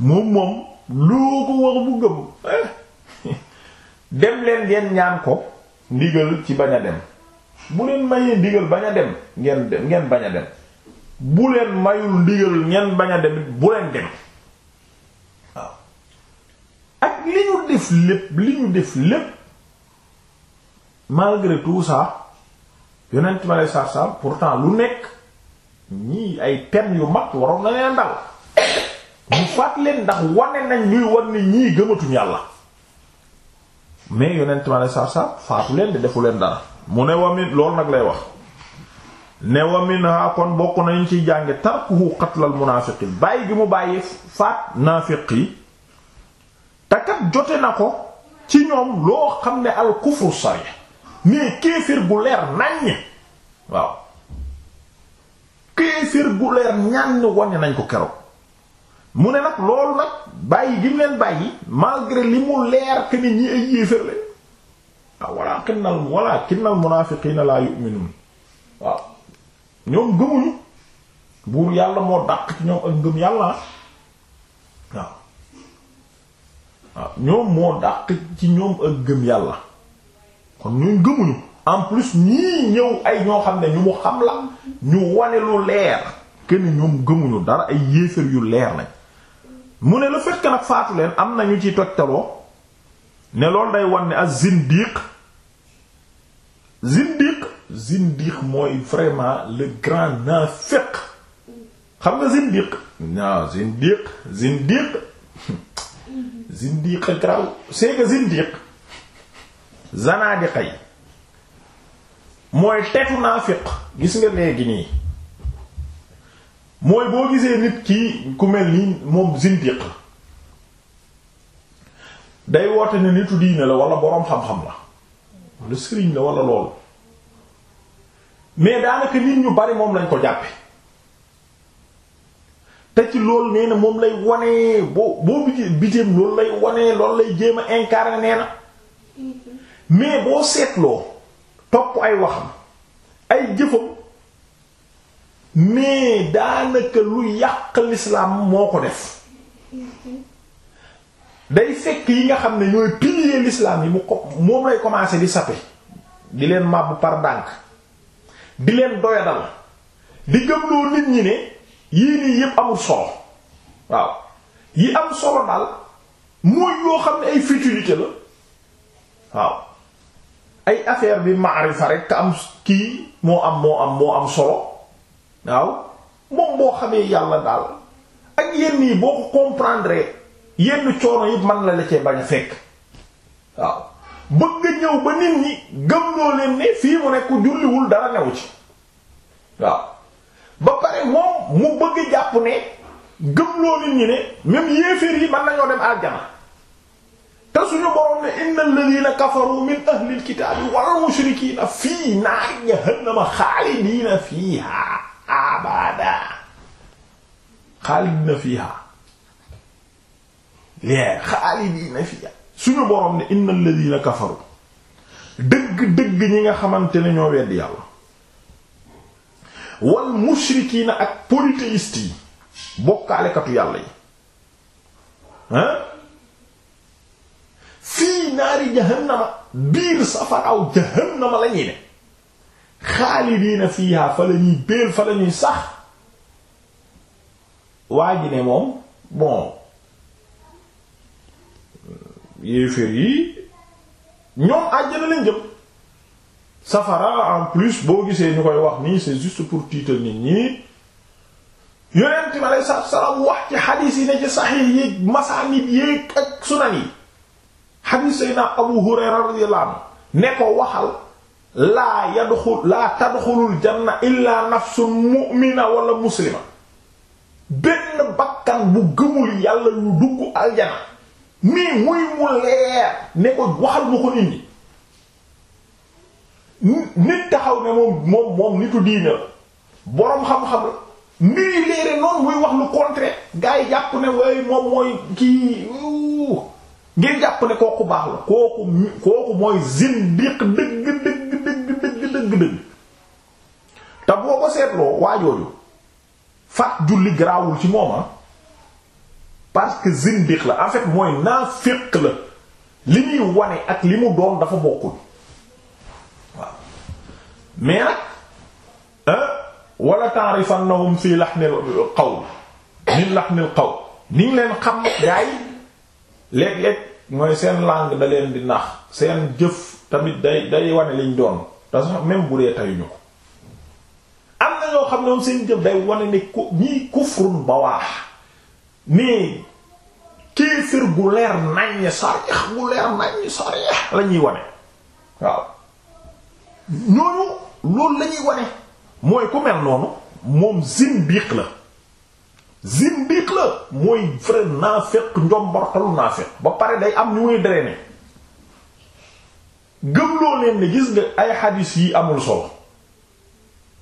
moom moom loo ko wax mu gëm eh. [laughs] dem leen ngeen ñaan ko ndigal ci bañ a dem. bu leen mayee ndigal bañ a dem ngeen ngeen bañ a dem bu leen mayul ndigal ngeen bañ a dem bu leen dem waaw ak li ñu def lépp li ñu def lépp malgré tout ça yonent ma lay saar pourtant lu nekk ñii ay tem yu mag waroon na leen dal mu faat leen ndax wane nañ ñuy war ni ñii gëmatuñ yàlla mais yonent ma lay saar faatu leen de defu leen dara mu ne wa min loolu nag lay wax ne wa minha kon bokk nañu ciy jànge tarkuhu qatlal munaafiqiin bàyyi gi mu bàyyi faat naafiq yi te kat jote na ko ci ñoom loo xam ne al kufru sarih mais kéefir gu leer naññ waaw kéefir gu leer ñàññ waññ nañ ko keroog mu ne nag loolu nag bàyyi gi mu leen bàyyi malgré li mu leer que ñi ay yéefar waaw ah, walaakinnal walaakinnal munaafiqiina laa yu'minuun na ñoom gëmuñu buur yàlla moo dàq ci ñoom ak ngëm yàlla waaw moo dàq ci ñoom ak ngëm yàlla kon ñuy gëmuñu en plus ñii ñëw ay ñoo xam ne ñu mu xam la ñu wane lu leer kenn ñoom gëmuñu dara ay yéefar yu leer lañ mu ne le fait nag faatu leen am na ñu ci toj taloo ne loolu day wan ne as zindiq zindiq zindiq mooy vraiment le grand nafiq xam nga zindiq non zindiq zindiq [laughs] zindiq ak raw c'est que zindiq zanaadiqa yi mooy tetu naafiq gis nga léegi nii mooy boo gisee nit ki ku mel nii moom zindiq day woote ne nitu diine la wala boroom xam-xam la wala sëriñ la wala loolu mais daanaka nit ñu bari moom lañ ko jàppe te ci loolu nee na moom lay wonee boo boo bitéem loolu lay wonee loolu lay jéem a incarner nee na mais boo seetloo topp ay waxam ay jëfam mais daanaka lu yàq l'islam moo ko def day fekk yi nga xam ne ñooy pilier l'islam yi mu ko moom lay commencer di sape di leen màbb par dànk di leen doyadal di gëmloo nit ñi ne yii nii yépp amul solo waaw yi am solo daal mooy loo xam ne ay futilité la waaw ay affaire bi maarifa rek ka am kii moo am moo am moo am solo waaw moom boo xamee yàlla daal ak yenn yi boo ko comprendre yenn coono yi man na la cee bañ a fekk waaw bëgg ñëw ba nit ñi gëm noo leen ne fii mu nekk julliwul dara new ci waaw ba pare moom mu bëgg jàpp ne gëm loo nit ñi ne même yéeféer yi man nañoo dem aljana te suñu borom ne innal ladina kafaru min ahlil kitaabi wal mushrikiina fii naari jahannama xaalidiina fiihaa abada xaalidiina fiihaa lee xaalidiina fiha suñu boroom ne innal ladina kafaru dëgg-dëgg ñi nga xamante ne ñoo weddi yàlla wal mushrikiina ak polythéistes yi bokkaalekatu yàlla yi ah fii naari jahannama biir safaraaw jahannama la ñuy ne xaalidiina fiihaa fa la ñuy fa la sax waa ji ne moom bon yéeféer yi ñoom àjjana lañ jëm safara en plus boo gisee ñu koy wax nii c'est juste pour tiital nit ñi yonent bi wax ci xadiis yi ne ci saxiix yi masaanid yéeg ak sunan yi xadiis sayna Abu Hurayra radiyallahu ne ko waxal laa yadxul laa tadxulul janna illaa nafsun mu'mina wala muslima benn bakkan bu gëmul yàlla lu dugg aljana mais muy mu leer ne ko waxal ma ko nit ñi nit taxaw ne moom moom moom nitu diine la boroom xam-xam la mbir yi léere noonu muy wax lu contraire gars yi jàpp ne waaye moom mooy kii ngir jàpp ne kooku baax la kooku kooku mooy zindiq dëgg dëgg dëgg dëgg dëgg dëgg te boo ko seetloo waajooju faat julli garaawul ci mooma ah. parce que zindiq la en fait mooy naafiq la li muy wane ak li mu doon dafa bokkul waaw mais nag wala ta'rifannahum fi lahnil qawl min lahnil qawl ni ngi leen xam gaay léeg-léeg mooy seen langue da leen di nax seen jëf tamit day day wane liñ doon te sax même bu dee tayuñu ko am na ñoo xam ne moom seen jëf day wane ne ku ñiy kufrun bawaax mais kéefër gu leer naññ sarix gu leer naññ la ñuy wane waaw ñooñu loolu la wane mooy ku mel noonu moom zindiq la zindiq la mooy vrai naafeq njombortalu naafeq ba pare day am ñu muy drainer gëm loo leen ne gis nga ay xadiis yi amul solo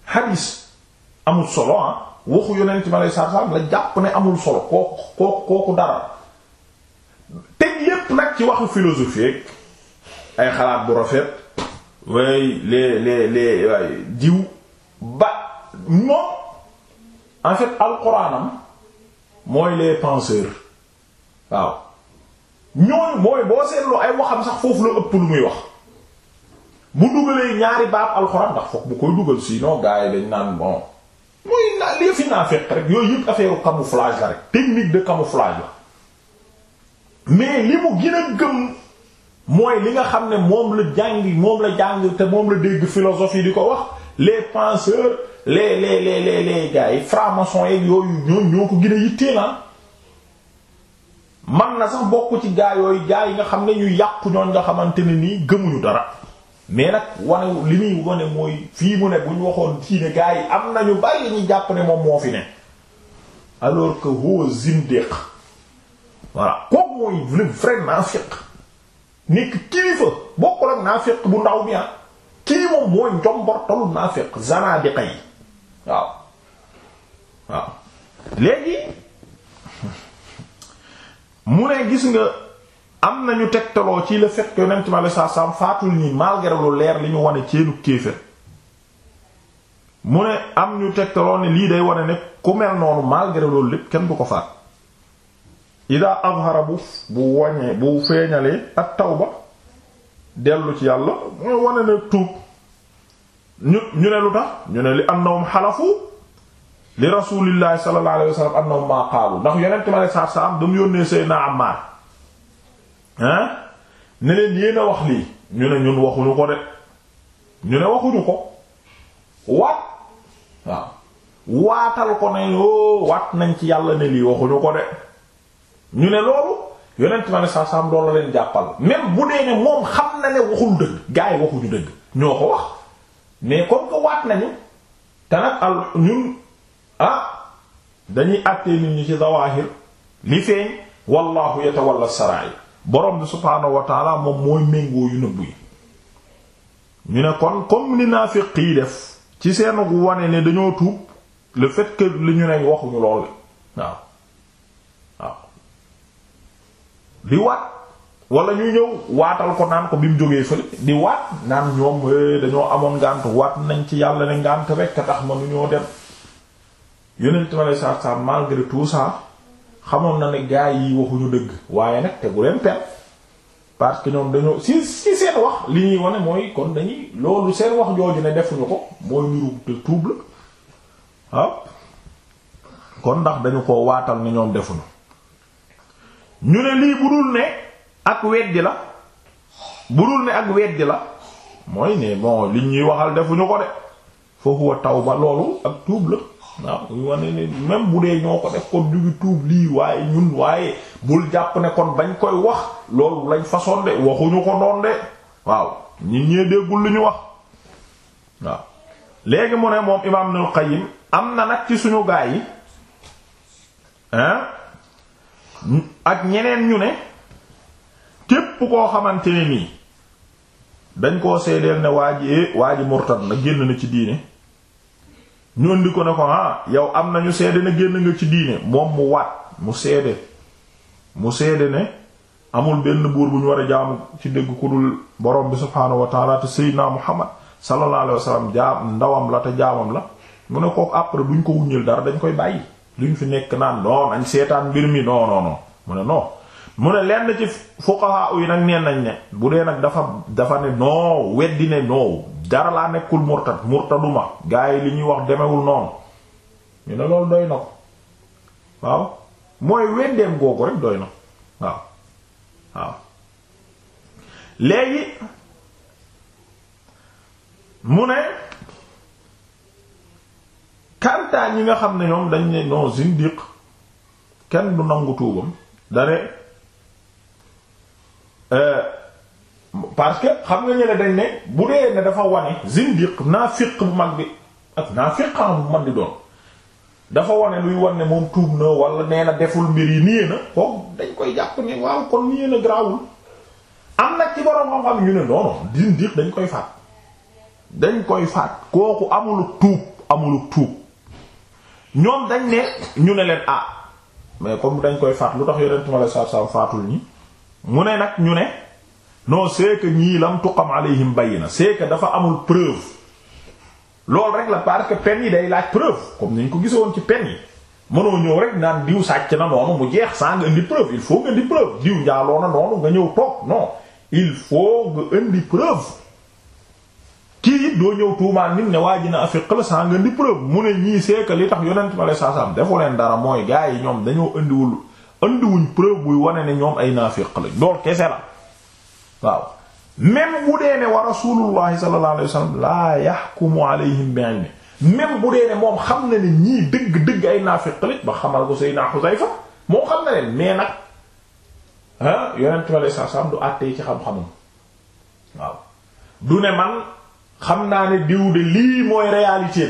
xadiis amul solo ah waxu yonent ma lay sarsam la jàpp ne amul solo kooku kooku kooku dara teg lépp nag ci waxu philosophie ay xalaat bu rafet way les les les waay diw ba moom en fait alxuraanam mooy les penseurs waaw ñooñu mooy boo seetloo ay waxam sax foofu la ëpp lu muy wax bu dugalee ñaari baab alxuraan ndax foog bu koy dugal sinon gars yi dañ naan bon muy na lii fi naa fekk rek yooyu yëpp affaire camouflage la rek technique de camouflage la mais li mu gën gëm mooy li nga xam ne moom la jàngi moom la jàng te moom la dégg philosophes di ko wax les penseurs les les les les les gars yi francs-maçons yooyu ñoo ñoo ko gën a yittee na ah. man na sax bokk ci gaa yooyu gaa yi nga xam ne ñu yàqu ñoon nga xamante ne nii gëmuñu dara mais nag wane li muy wane mooy fii mu ne bu ñu waxoon fii ne yi am nañu bari ñu jàpp ne moom moo fi ne alors que huwa déq voilà kooku mooy le vrai naafiq nekk kilifa bokkul ak naafiq bu ndaw bi ah. kii moom mooy njombortalu naafiq zanadiqa yi waaw waaw léegi [laughs] mu ne gis nga am nañu tegtaloo ci le fait que yonent mi alayhi salaatu salaam faatul nii malgré leer li ñu wane ceenu kéefër mu ne am ñu tegtaloo ne lii day wone ne ku mel noonu malgré lépp kenn du ko faat ida azhara bu bu wàññee bu feeñalee ak tawba dellu ci yàlla mooy wane ne tuub ñu ñu ne lu tax ñu ne li annahum xalafu li rasulillahi sallallahu alayhi wasallam annahum ma qaalu ndax yonent mi alayhi salaatu salaam dam yónnee Seydina Ammaar ah ne leen yéen a wax lii ñu ne ñun waxuñu ko de ñu ne waxuñu ko waat waaw waatal ko ne o oh, waat nañ ci yàlla ne lii waxuñu ko de ñu ne loolu yonent ma ne saa saam doon la leen jàppal même bu dee ne moom xam na ne waxul dëgg gaa yi waxuñu dëgg ñoo ko wax mais comme que waat nañu te al ñun ah dañuy àttee nit ñi ci zawahir li feeñ wallahu yatawalla sarair boroom bi subhaanahu wa moom mooy méngoo yu nëbbu yi ñu ne kon comme ni naafiq yi def ci seen wane ne dañoo tuub le fait que li ñu ne waxuñu lool waaw waaw di waat wala ñu ñëw waatal ko naan ko bi mu jógee fële di waat naan ñoom eh, dañoo amoon ngànt waat nañ ci yàlla ne ngànt rekk a tax ma nu ñoo dem yonent ma lay saar saar malgré tout ça xamoon na ne gaa yi waxuñu dëgg waaye nag tegu leen pen parce que ñoom dañoo si si seen wax li ñuy wane mooy kon dañuy loolu seen wax jooju ne defuñu ko mooy niru te tuub la ah. waaw kon ndax dañu ko waatal ne ñoom defuñu ñu ne lii bu dul ne ak weddi la bu dul ne ak weddi la mooy ne bon li ñuy waxal defuñu ko de fa taw ba loolu ak tuub la waaw muy wane ni même bu dee ñoo ko def kon ñu ngi tuub lii waaye ñun waaye bul jàpp ne kon bañ koy wax loolu lañ façon de waxuñu ko noon de waaw ñi ñee déggul lu ñu wax waaw léegi mu ne moom imaam Ibnul Qayyim am na nag ci suñu gaa yi ak ñeneen ñu ne képp koo xamante ne nii dañ koo seedeel ne waa ji eh, waa ji murtad na génn na ci diine ñu indi ko ne ko ah yow am nañu seede ne génn nga ci diine moom mu waat mu seede mu seede ne amul benn buur bu ñu war a jaamu ci dégg ku dul borom bi subhaanahu wa taala te sayyidina muhammad sallallahu alayhi wa sallam jaam ndawam la te jaamam la mu ne kooku après duñ ko wuññil dara dañ koy bàyyi duñ fi nekk naan non nañ seetaan mbir mi non mu ne non mu ne lenn ci fuqaha yi nag neen nañ ne bu dee nag dafa dafa ne non weddi ne non dara laa nekkul murtad murtaduma gaa yi li ñuy wax demewul noonu ñu ne loolu doy na ko waaw mooy wendeem googu rek doy na waaw waaw léegi mu ne kantaa ñi nga xam ne ñoom dañ ne non zindiq kenn du nangu tuubam dane euh, parce que xam nga ñële dañ ne bu dee ne dafa wane zindiq naafiq bu mag bi ak naafiqan bu mag di doon dafa wane luy wane moom tuub na wala nee na deful mbir yi nii na kooku dañ koy jàpp ne waaw kon nii na grawul am nag ci borom xam-xam ñu ne non zindiq dañ koy faat dañ koy faat kooku amulu tuub amulu tuub ñoom dañ ne ñu ne leen ah mais comme dañ koy faat lu tax yonent ma la saab saab faatul ñi mu ne nag ñu ne non c'est que ñii lam tuqam alayhim bayina c'est que dafa amul preuve loolu rek la parce que peine yi day laaj preuve comme ni ñu ko gisoon ci peine yi mënoo ñëw rek naan diw sàcc na noonu mu jeex sàng nga indi preuve il faut nga indi preuve diw njaaloo na noonu nga ñëw toog non il faut nga indi preuve kii it doo ñëw tuumaan nit ne waa ji na afiq la sàng nga indi preuve mu ne ñii c'est que li tax yonent ma lay sàssam defu leen dara mooy gaa yi ñoom dañoo indiwul indiwuñ preuve buy wane ne ñoom ay naafiq lañ loolu kese la. waaw même bu dee ne wa rasulullahi sallallahu alayhi wa sallam laa yaxkumu alayhim bi ilmi même bu dee ne moom xam na ne ñii dëgg dëgg ay naafiq lañ ba xamal ko Seydina Xuzayfa moo xam na leen mais nag ah yonent bi alayhi salaam du àttee ci xam-xamam waaw du ne man xam naa ne diw de lii mooy réalité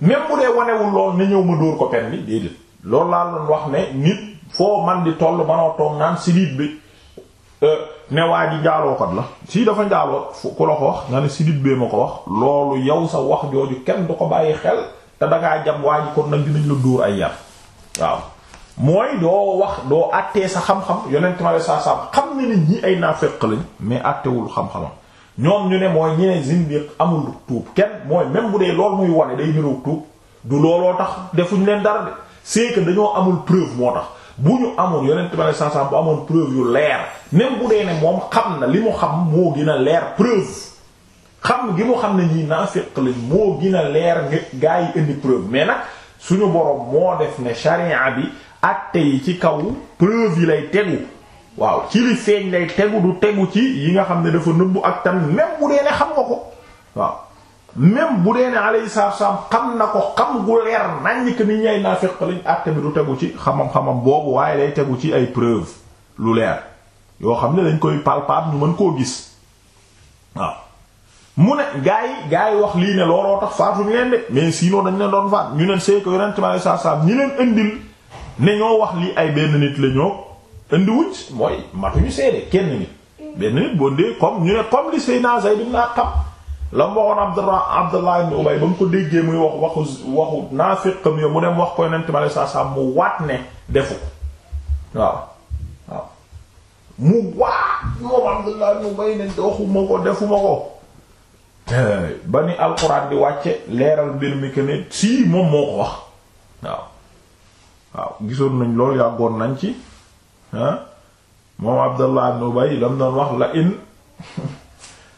bi même bu dee wanewul lool ne ñëw ma dóor ko pen bi déedéet loolu laa doon wax ne nit foo man di toll manoo toog naan siddiit bi Euh, ne waa ji jaalookat la si dafa njaaloo ku la ko wax nga ne sidit bee ma ko wax loolu yow sa wax jooju kenn du ko bàyyi xel te dangaa jam waa ji kon nag dinañ la dóor ay yar waaw mooy doo wax doo àttee sa xam-xam yonent ma sa saam xam ne nit ñi ay naa naafeq lañ mais àttewul xam-xamam ñoom ñu ne mooy ñi ne amul tuub kenn mooy même bu dee loolu muy wane day niroog tuub du looloo tax defuñ leen dara de c'est dañoo amul preuve moo bu ñu amoon yonent bi sallallahu alayhi wasallam bu amoon preuve yu leer même bu dee ne moom xam na li mu xam moo gën a leer preuve xam gi mu xam ne ñii naafiq lañ moo gën a leer nga gaa yi indi preuve mais nag suñu boroom moo def ne charia bi acte yi ci kaw preuve yi lay tegu waaw ci li feeñ lay tegu du tegu ci yi nga xam ne dafa nëbbu ak tam même bu dee ne xam nga ko waaw même bu dee ne alayhi salaam xam na ko xam gu leer naññ que ni ñay naafiq lañ àtte bi tegu ci xamam-xamam boobu waaye lay tegu ci ay preuve lu leer yoo xam ne dañ koy palpable ñu mën koo gis waaw mu ne gaa yi gaa yi wax lii ne looloo tax faatuñu leen de mais sinon dañ leen doon faat ñu ne sey ko yonent mi alayhi salaam ñi leen ne ñoo wax li ay benn nit la ñoo indi wuñ mooy matuñu seede kenn nit benn nit boo ndee comme ñu ne comme li Seydina Zayd ibn la mu waxoon Abdullah Abdullah ibn Ubay ba mu ko déggee muy wax waxu waxu naafiqam yo mu dem wax ko yonent ma lay saa saa mu waat ne defu waaw waaw mu waat moom Abdullah ibn Ubay ne waxuma ko defuma ko eh, ba ni alxuraan di wàcce leeral mbir mi que ne sii moom moo ko wax waaw waaw gisoon nañ loolu yàggoon nañ ci ah moom Abdullah ibn Ubay lam doon wax la in [laughs]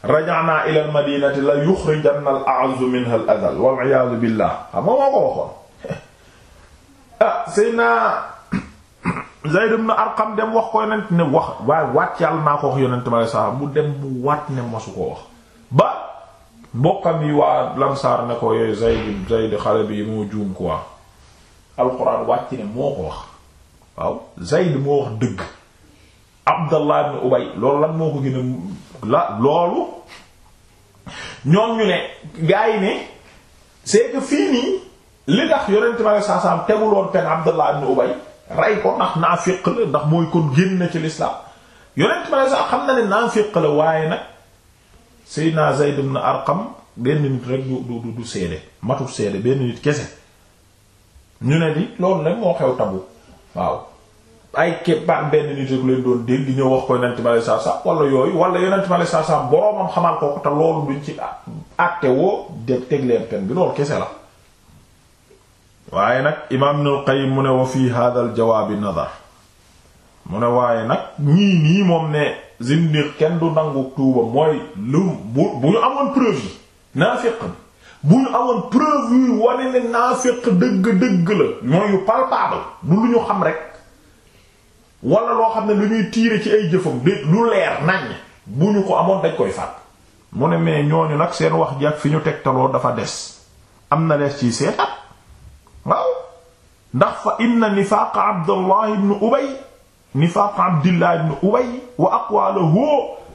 rajaana ila madinati la yuxrijanna al a'zu minha al adal iyaadu billah xam nga moo ko waxoon [laughs] ah Seydina [coughs] Zayd ibn Arqam dem wax ko yonent ne wax waaye waat naa ko wax yonent ma saa mu dem mu waat ne masu koo wax ba mbokkam yi waa Lamsaar ne ko yooyu Zayd Zayd xale bi moo juum quoi alxuraan wàcc ne moo ko wax waaw Zayd moo wax dëgg Abdallah ibn Ubay loolu lan moo ko gën a loolu ñoom ñu ne gaay yi ne c'est que fii nii li tax yonent ma saa saam tegul woon pen Abdullah ibn Ubay rey ko ndax naafiq la ndax mooy kon génn na ci lislaam yonent ma saa xam na ne naafiq la waaye nag Seydina Zayd ibn Arqam benn nit rek du du du seede matut seede benn nit kese ñu ne di loolu nag moo xew tabu waaw ay keppaat benn nit leen doon dégg ñëw wax ko yonent ma lay saa saa wala yooyu wala yonent ma lay saa saa boroomam xamal ko ko te loolu duñ ci àtte woo dégg teg leen pen bi loolu kese la. waaye nag imaam Ibnul Qayyim mu ne wa fii haadal jawaabi nadar mu ne waaye nag ñii nii moom ne zindiq kenn du nangu tuuba mooy lu bu bu ñu amoon preuve yi naafiq bu ñu amoon preuve yi wane ne naafiq dëgg dëgg la mooy yu palpable lu ñu xam rek. wala loo xam ne lu ñuy tiire ci ay jëfam de lu leer nañ bu ñu ko amoon dañ koy faat mu ne mais ñooñu nag seen wax ji ak fi ñu tegtaloo dafa des am na lees ciy seetaat waaw ndax fa inna nifaaq abdullah ibn ubay nifaaq abdullah ibn ubay wa aqwaluhu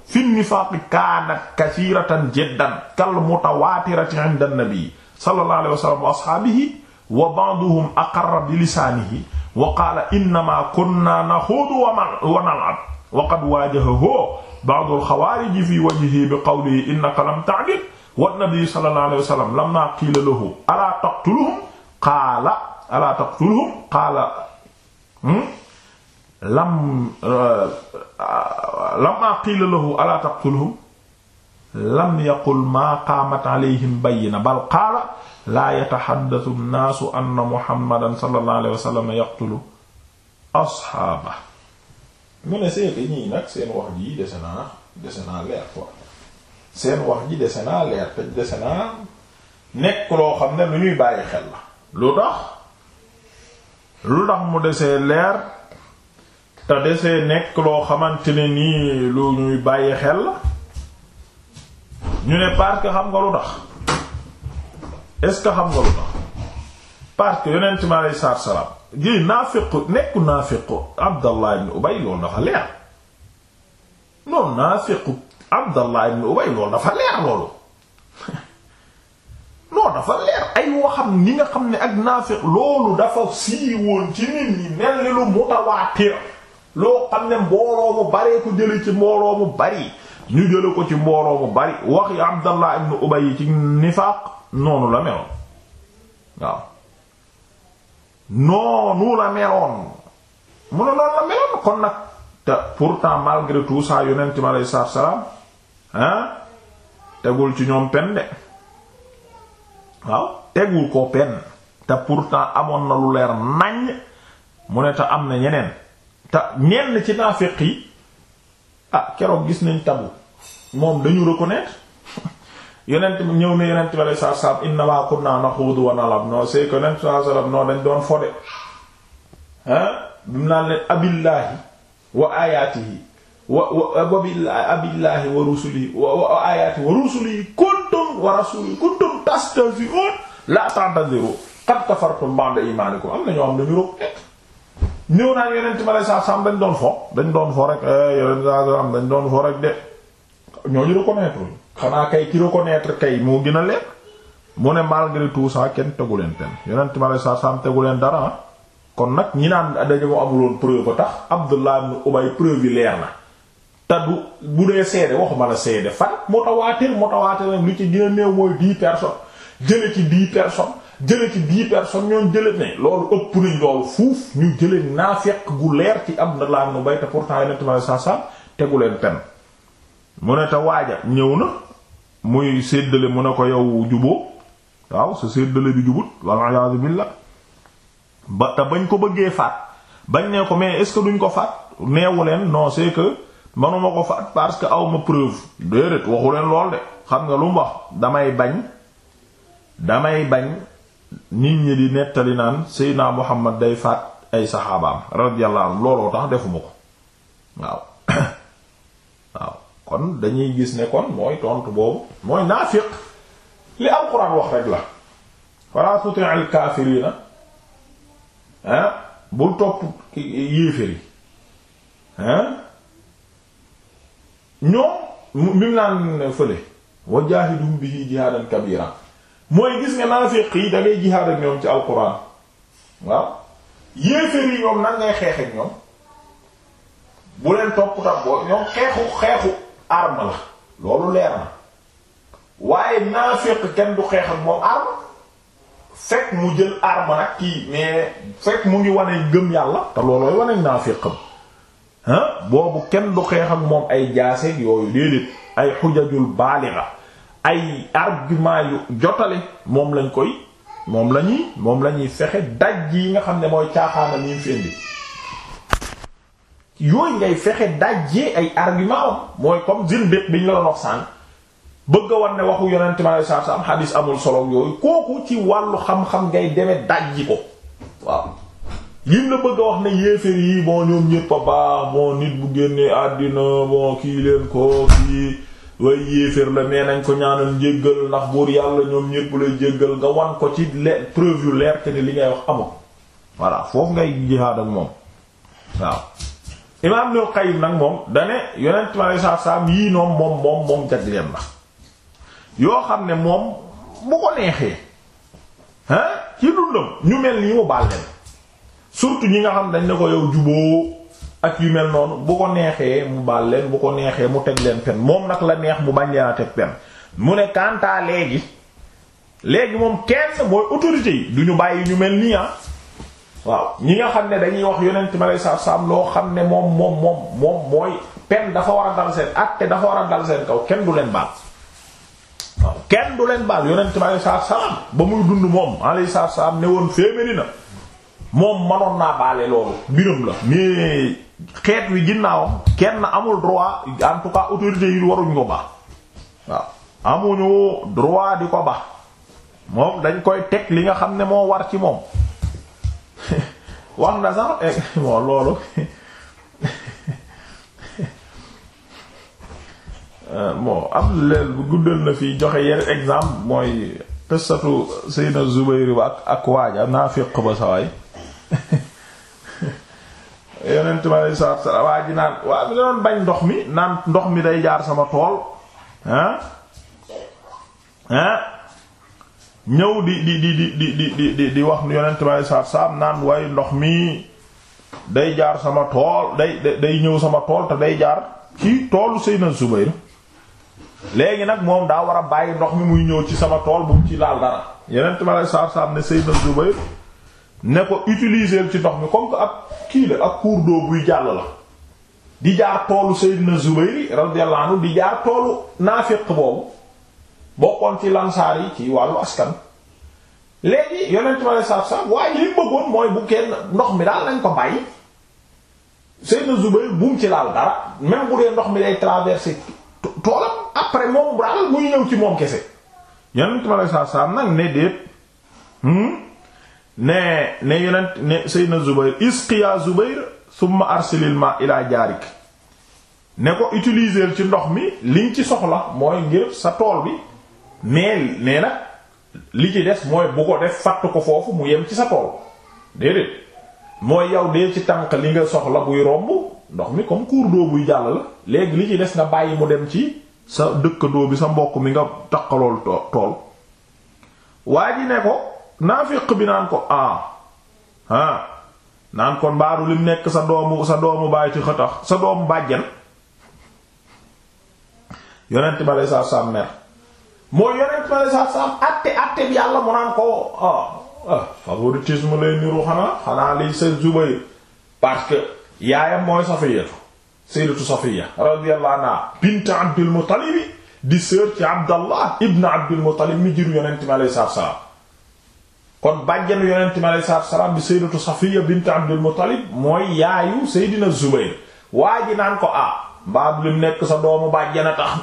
fi nifaaq kaanat kasiiratan jiddan kal mutawaatirati inda an-nabi sallallahu alayhi wa sallam wa ashaabihi wa ba'duhum aqarra bi lisaanihi wa qaala innama kunna naxuudu wa nal'ab wa qad waajahahu ba'du al-xawaarij fi wajhihi bi qawlihi innaka lam ta'dil wa nabi sallallahu alayhi wa sallam lamma qiila lahu alaa taqtuluhum qaala alaa taqtuluhum qaala hmm? lam uh, lamma qiila lahu alaa taqtuluhum lam yaqul maa qaamat alayhim bayyina bal qaala laa yataxaddasu nnaasu anna muhammadan sallallahu alayhi wa sallam yaqtulu asxaaba mu ne seen ñii nag seen wax ji dese naa dese naa leer quoi seen wax ji dese naa leer te dese naa nekk loo xam ne lu ñuy bàyyi xel la lu tax lu tax mu dese leer te dese nekk loo xamante ne nii lu ñuy bàyyi xel la ñu ne parce xam nga lu tax est-ce que xam nga lu tax que yonent mi aleyhi salaatu salaam gi naafiq nekku naafiq Abdallah ibn Ubay loolu dafa leer noonu naafiq Abdallah ibn Ubay loolu dafa leer loolu [laughs] non dafa leer ay waxam ni nga xam ne ak naafiq loolu dafa siiwoon ci nit mel ni mutawaatir loo xam ne mbooloo mu baree ci mbooloo mu ñu jële ko ci mbooloo bu bari waxi Abdallah ibn Ubay ci nifaaq noonu la meloon waaw noonu la meloon mu la meloon kon nag te pourtant malgré tout ça yonent mi aleyhi salaatu salaam hein tegul ci ñoom pen de waaw tegul ko pen te pourtant amoon na lu leer nañ mu ne te am na ñeneen te ñenn ci naafiq yi ah keroog gis nañ tabu moom dañu reconnaître [laughs] yonent ñëw na yonent bi alayhi salaatu salaam inna maa kunna naxuudu wa nalab non c'est que yonent sallallahu alayhi wasallam dañ doon fode ah bimu naan leen abillaahi wa ayaatihi wa wa abillaahi wa rusulihi wa ayaatihi wa rusulihi kuntum wa rasulihi kuntum tastahzi'uun laa ta'tadhiru qad kafartum ba'da iimaanikum am na ñoo xam ne ñu ñëw naan yonent ma lay sax sam dañ doon fo dañ doon fo rek eh, yonent saa am dañ doon fo rek de ñooñu reconnaître xanaa kay ki reconnaître kay moo gën a lekk mu ne malgré tout ça kenn tegu leen pen yonent ma lay sax sam tegu leen dara ah. kon nag ñi naan dañoo amuloon preuve ba tax Abdullah ibn Ubay preuve yi leer na te bu dee seede waxuma la seede fan mutawaatir mutawaatir nag lu ci gën a néew mooy dix personnes jële ci dix personnes jële ci dix personnes ñoom jële ne loolu ëpp nañ loolu fuuf ñu jële naafeq gu leer ci Abdallah ibn Ubay te pourtant yonent bi sallallahu alayhi wasallam tegu leen pen mu ne te waaja ñëw na muy séddale mu ne ko yow juboo waaw sa séddale bi jubut walla iyaazu billah ba te bañ ko bëggee faat bañ nee ko mais est-ce que duñ ko faat neewu leen non c'est que manuma ko faat parce que awma preuve déedéet waxu leen lool de xam nga lu mbax damay bañ damay bañ nit ñi di nettali naan Seydina Muhammad day faat ay saxaabaam radiyallahu anhu looloo tax defuma ko waaw [coughs] waaw kon dañuy gis ne mooy tontu boobu mooy naafiq li alxuraan wax rek la wala tuti'il kaafiriina hein bul topp yéeféri hein ñoom mim naan fële wa jaahidum bihi jihaadan kabiira mooy gis nga naafiq yi da ngay jihaad ak ñoom ci alquran waaw yéeféer yi ñoom nan ngay ñoom bu leen topp boo ñoom xeexu xeexu arme la loolu leer na waaye naafiq kenn du xeex ak moom arme fekk mu jël arme nag kii mais fekk mu ngi wane gëm yàlla te loolooy wane naafiqam ah boobu kenn du xeex ak moom ay jaase yooyu déedéet ay xujajul baaliga ay argument yu jotale moom lañ koy moom la moom lañuy ñuy fexe daj yi nga xam ne mooy caaxaana ñuy fendi yooyu ngay fexe dajjee ay argument am mooy comme zindiq biñ la doon sànq bëgg a wan ne waxu yonente mi alei satu salaam xadis amul solo yooyu kooku ci wàllu xam-xam ngay demee dajji ko waaw lim la bëgg a wax ne yéeféer yi bon ñoom ñépp a baax bon nit bu génnee àddina bon kii leen ko kii way yéeféer la nee nañ ko ñaanal njéggal ndax buur yàlla ñoom ñépp lay jéggal nga wan ko ci le preuve yu leer que li ngay wax amoon voilà foofu ngay jihaad ak moom waaw imaam Ibnul Qayyim nag moom dane yonent ma saa saam yii noom moom moom moom jagleem la yoo xam ne moom bu ko neexee hein ci dundam ñu mel nii mu baal surtout ñi nga xam dañ ne ko yow juboo ak yu mel noonu bu ko neexee mu baal leen bu ko neexee mu teg leen pen moom nag la neex mu bañ leen a teg pen mu ne kantaa léegi léegi moom kenn mooy autorité yi du ñu bàyyi ñu mel nii ah waaw ñi nga xam ne dañuy wax yonent ma lay saaf saaf loo xam ne moom moom moom moom mooy pen dafa war a dal seen àtte dafa war a dal seen kaw kenn du leen baal waaw kenn du leen baal yonent ma lay saaf saaf ba muy dund moom ma lay saaf saaf ne woon féeméeri na moom manoon naa xeet wi ginnaaw kenn amul droit en tout cas autorités yi waruñ ko baax waaw amuñu droit di ko baax moom dañ koy teg li nga xam ne moo war ci moom [laughs] wax na sax moo eh, [laughs] loolu [laughs] euh, bon am leel bu guddal na fii joxe yenn exemple mooy qissatu Seydina Zubayr ba ak ak waaja naafiq ba sawaay yonent mi alayhi waa ji naan waa mi doon bañ ndox mi naan ndox mi day jaar sama tool ah ah ñëw di di di di di di di di wax yonent mi alayhi salaatu salaam naan waaye ndox mi day jaar sama tool day day ñëw sama tool te day jaar ci toolu Seydina Zubayr léegi nag moom daa war a bàyyi ndox mi muy ñëw ci sama tool bu mu ci laal dara yonent mi alayhi salaatu salaam ne Seydina subay ne ko utiliser ci ndox mi comme que ab kii la ak cours d'eau buy jàll la di jaar toolu Seydina Zubayr radiyallahu anhu di jaar toolu naafiq boobu bokkoon ci lansaar yi ci wàllu askan léegi yonent ma lay saaf saaf waaye li mu bëggoon mooy bu ndox mi daal lañ ko bàyyi Seydina Zubayr buum ci laal dara même bu ndox mi day traverser toolam après moom daal muy ñëw ci moom kese yonent ma lay saaf saaf nag ne déet. Hmm? ne ne yonent ne Seydina Zubayr isqiya Zubayr summa arsilil ma ila jaarik ne ko utiliser ci ndox mi liñ ci soxla mooy ngir sa tool bi mais nee na li ci des mooy bu ko def fàtt ko foofu mu yem ci sa tool déedéet mooy yow dee ci tànk li nga soxla buy romb ndox mi comme cours d'eau buy jàll la léegi li ci des nga bàyyi mu dem ci sa dëkkandoo bi sa mbokk mi nga taqalool tool waa ji ne ko naafiq bi naan ko ah naan ko mbaaru lim nekk sa doomu sa doomu baay ci xëtax sa doomu bàjjen yonent bi aleyhi salaatu salaam mer mooy yonent bi aleyhi salaatu àtte àtte bi yàlla mu naan ko ah ah favoritisme lay xanaa xanaa lii Zubayr parce que yaayam mooy Safiyatu sayyidatu Safiya radiyallahu anha bint Abdul Muttalib di sœur ci Abdallah ibn Abdul mi jur yonent bi aleyhi salaatu kon bàjjanu yonent mi alayhi salaatu salaam bi sayyidatu Safiya bint Abdul Muttalib mooy yaayu Seydina Zubayr waa ji naan ko ah mbaam lim nekk sa doomu bàjjana tax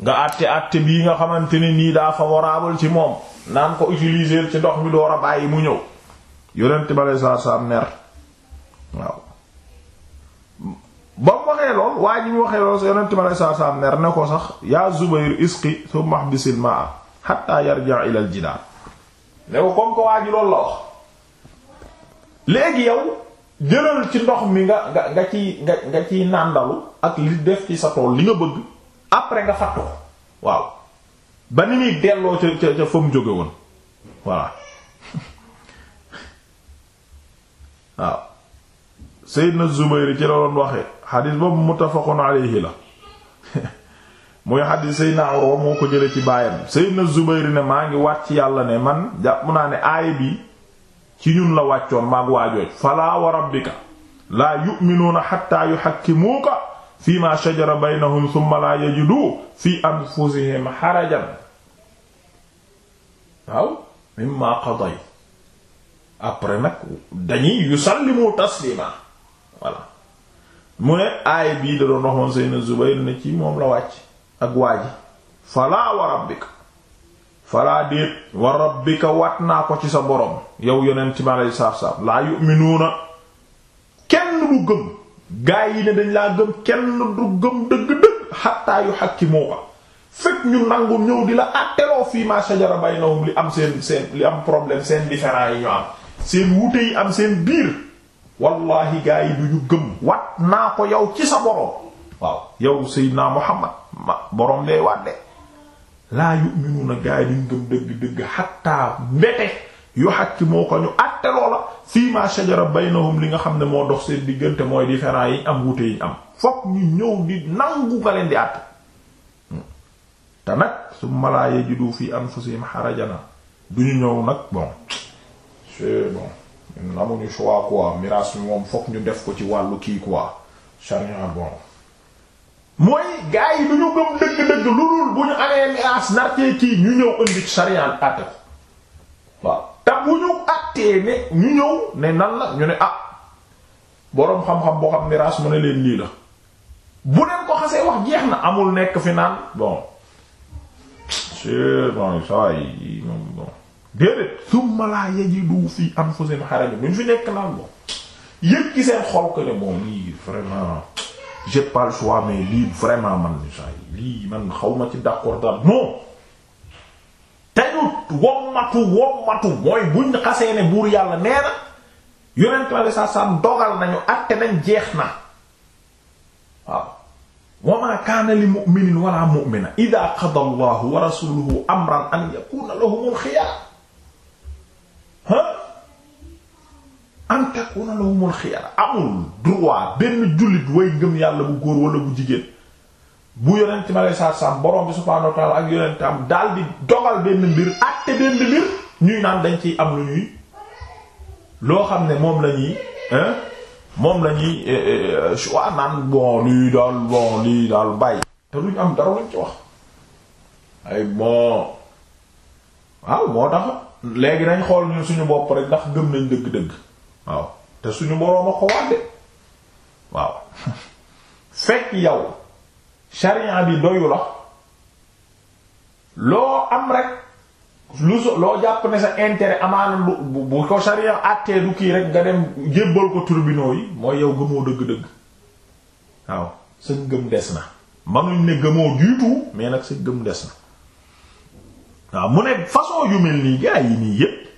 nga àtte àtte bii nga xamante ne nii daa favorable ci moom naan ko utiliser ci ndox mi door a bàyyi mu ñëw yonent mi alayhi salaatu salaam waaw ba waxee lool waa ji mu waxee lool yonent mi alayhi salaatu salaam mer ne ko sax yaa Zubayr isqi thumma ihbisil ma'a hatta yarji'a ila al-jidaar ne ko comme ko waa ji loolu la wax léegi yow jëlal ci ndox mi nga nga nga ciy nga nga ciy nàndalu ak li def ci sa tool li nga bëgg après nga fatt ko waaw ba ni muy delloo ca ca ca fa mu jóge woon voilà [laughs] waaw Seydina Zubayr ci la doon waxe xadiis boobu muttafaqun alayhi la muy xaddi Seydina Urwa moo ko jële ci baayam Seydina Zubayr ne maa ngi waat ci yàlla ne man jàpp naa ne aaya bi ci ñun la wàccoon maag waajooj falaa wa rabbika laa yu'minuuna xattaa yuxakkimuuka fii maa shajara baynahum summa laa yajidu fii anfusihim xarajan waaw mimma qaday après nag dañuy yusallimu taslima voilà mu ne aaya bii da doon waxoon Seydina Zubayr ne ci moom la wàcc ak waa ji falaa wa rabbika falaa déet wa rabbika wat naa ko ci sa boroom yow yonent mi aleyhi salaatu salaam laa yu'minuuna kenn du gëm gaa yi ne dañ laa gëm kenn du gëm dëgg-dëgg xattaa yuhakkimuuka fekk ñu nangu ñëw di la àtteloo fii maa shajara baynahum li am seen seen li am problème seen différend yi ñu am seen wuute yi am seen biir wallahi gaa yi du ñu gëm wat naa ko yow ci sa borom waaw yow Seydina Muhammad ma borom dee wàdde laa yu'minuna gaay duñ gëm dëgg dëgg xatta mbete yu xakki moo ko ñu àtte loola fii ma shajara baynahum li nga xam ne moo dox seen diggante mooy différent yiñ am wute yiñ am fokk ñu ñëw di nangu nga leen di àtte te nag summa laa yajidu fi xarajana duñu ñëw nag bon c'est bon ñun amuñu choix quoi miraas mi moom fokk ñu def ko ci wàllu kii quoi charia bon mooy gaa yi du ñu gëm dëgg-dëgg lu dul bu ñu amee miraas nartee kii ñu ñëw indi sariyaan àtte ko waaw tam bu ñu àttee ne ñu ñëw ne nan la ñu ne ah boroom xam-xam boo xam miraas mu ne leen lii la bu leen ko xasee wax jeex na amul nekk fi naan bon c'est bon ça yi moom bon déedéet summa laa yajidu fi anfusihim fi nekk naan bon yëg ci seen xol ko ne bon lii vraiment j'ai pas le choix lii vraiment man saa lii man xaw ma ci d'accord te ñu wommatu wommatu mooy buñ xasee ne buur yàlla nee na yonent la saa saa dogal nañu àtte nañ jeex na waaw wa maa kaana li mu'minin wala mu'mina idha qada allahu wa rasuluhu amran an yakuna lahumul khiyara ha an takuna lahumul xiyara amul droit benn jullit way ngëm yàlla bu góor wala bu jigéen bu yonent mi alei satu selaam borom bi subhaanahu ak yonentam daal di dogal benn mbir àtte benn mbir ñuy naan dañ ciy am lu ñuy loo xam ne moom la moom la ñuy eh, eh, choix naan bon lii daal bon lii daal bàyyi te luñ am dara lañ ci wax ay bon waaw moo tax léegi nañ xool ñun suñu bopp rek ndax gëm nañ dëgg-dëgg waaw te suñu boroom a ko wax de waaw [laughs] fekk yow sharia bi doyu la loo am rek lu so loo jàpp ne sa intérêt amaana lu bu ko sharia àttee du kii rek nga dem jébbal ko tribunaux yi mooy yow gëmoo dëgg-dëgg waaw sa gëm des na manuñ ne gëmoo du mais nag sa gëm des na waaw mu ne façon yu mel nii gaa yi nii yépp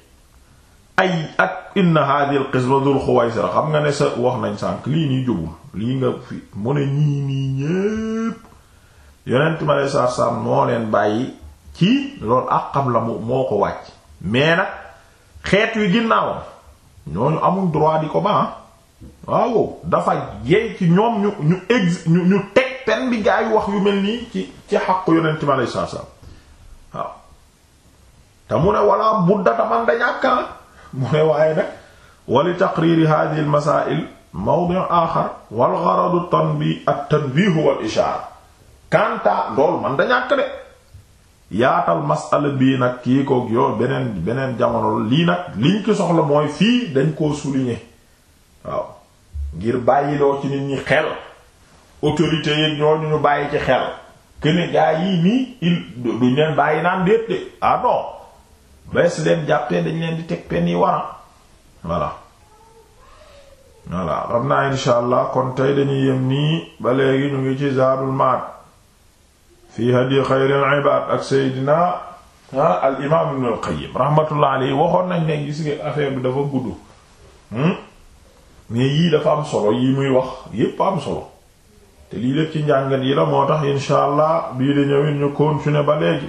ay ak inna hadhihi al qisma dul xuwaysira xam nga ne sa wax nañ sànq lii nii jubul lii nga fi mu ne ñii nii ñépp yonent ma lay moo leen bàyyi ci loolu ak xam la mu moo ko wàcc mais nag xeet yu amul droit di ko waaw dafa ci ñoom ñu ñu bi gaa yu wax yu mel nii ci ci xaqu yonent ma te mu ne walla budda taman da ñàkka mu ne waaye nag wali taqriiri hadihi al masail mawdi axar wal garadu tanbi at tanbihu wal ishaara kanta lool man da ñàkk de yaatal masala bii nag kii koog yoo beneen beneen jamono lii nag liñ ci soxla mooy fii dañ koo souligner waaw ngir bàyyiloo ci nit ñi xel autorité yi ñooñu ñu bàyyi ci xel que ne gaa nii duñ leen bàyyi naan déet de ah baes leen jàppee dañ leen di teg pen yi wara voilà voilà xam naa insha allah kon tey dañu yem nii ba léegi ñu ngi ci zaadul maad fi hadi xayril ibaad ak seydina al imaam ibn al qayyim waxoon nañ ne gis nga affaire bi dafa gudd hmm? mais yii dafa am solo yii muy wax yépp am solo te lii lépp ci njàngat yi la moo tax insha allah bii di ñëwin ñu continuer ba léegi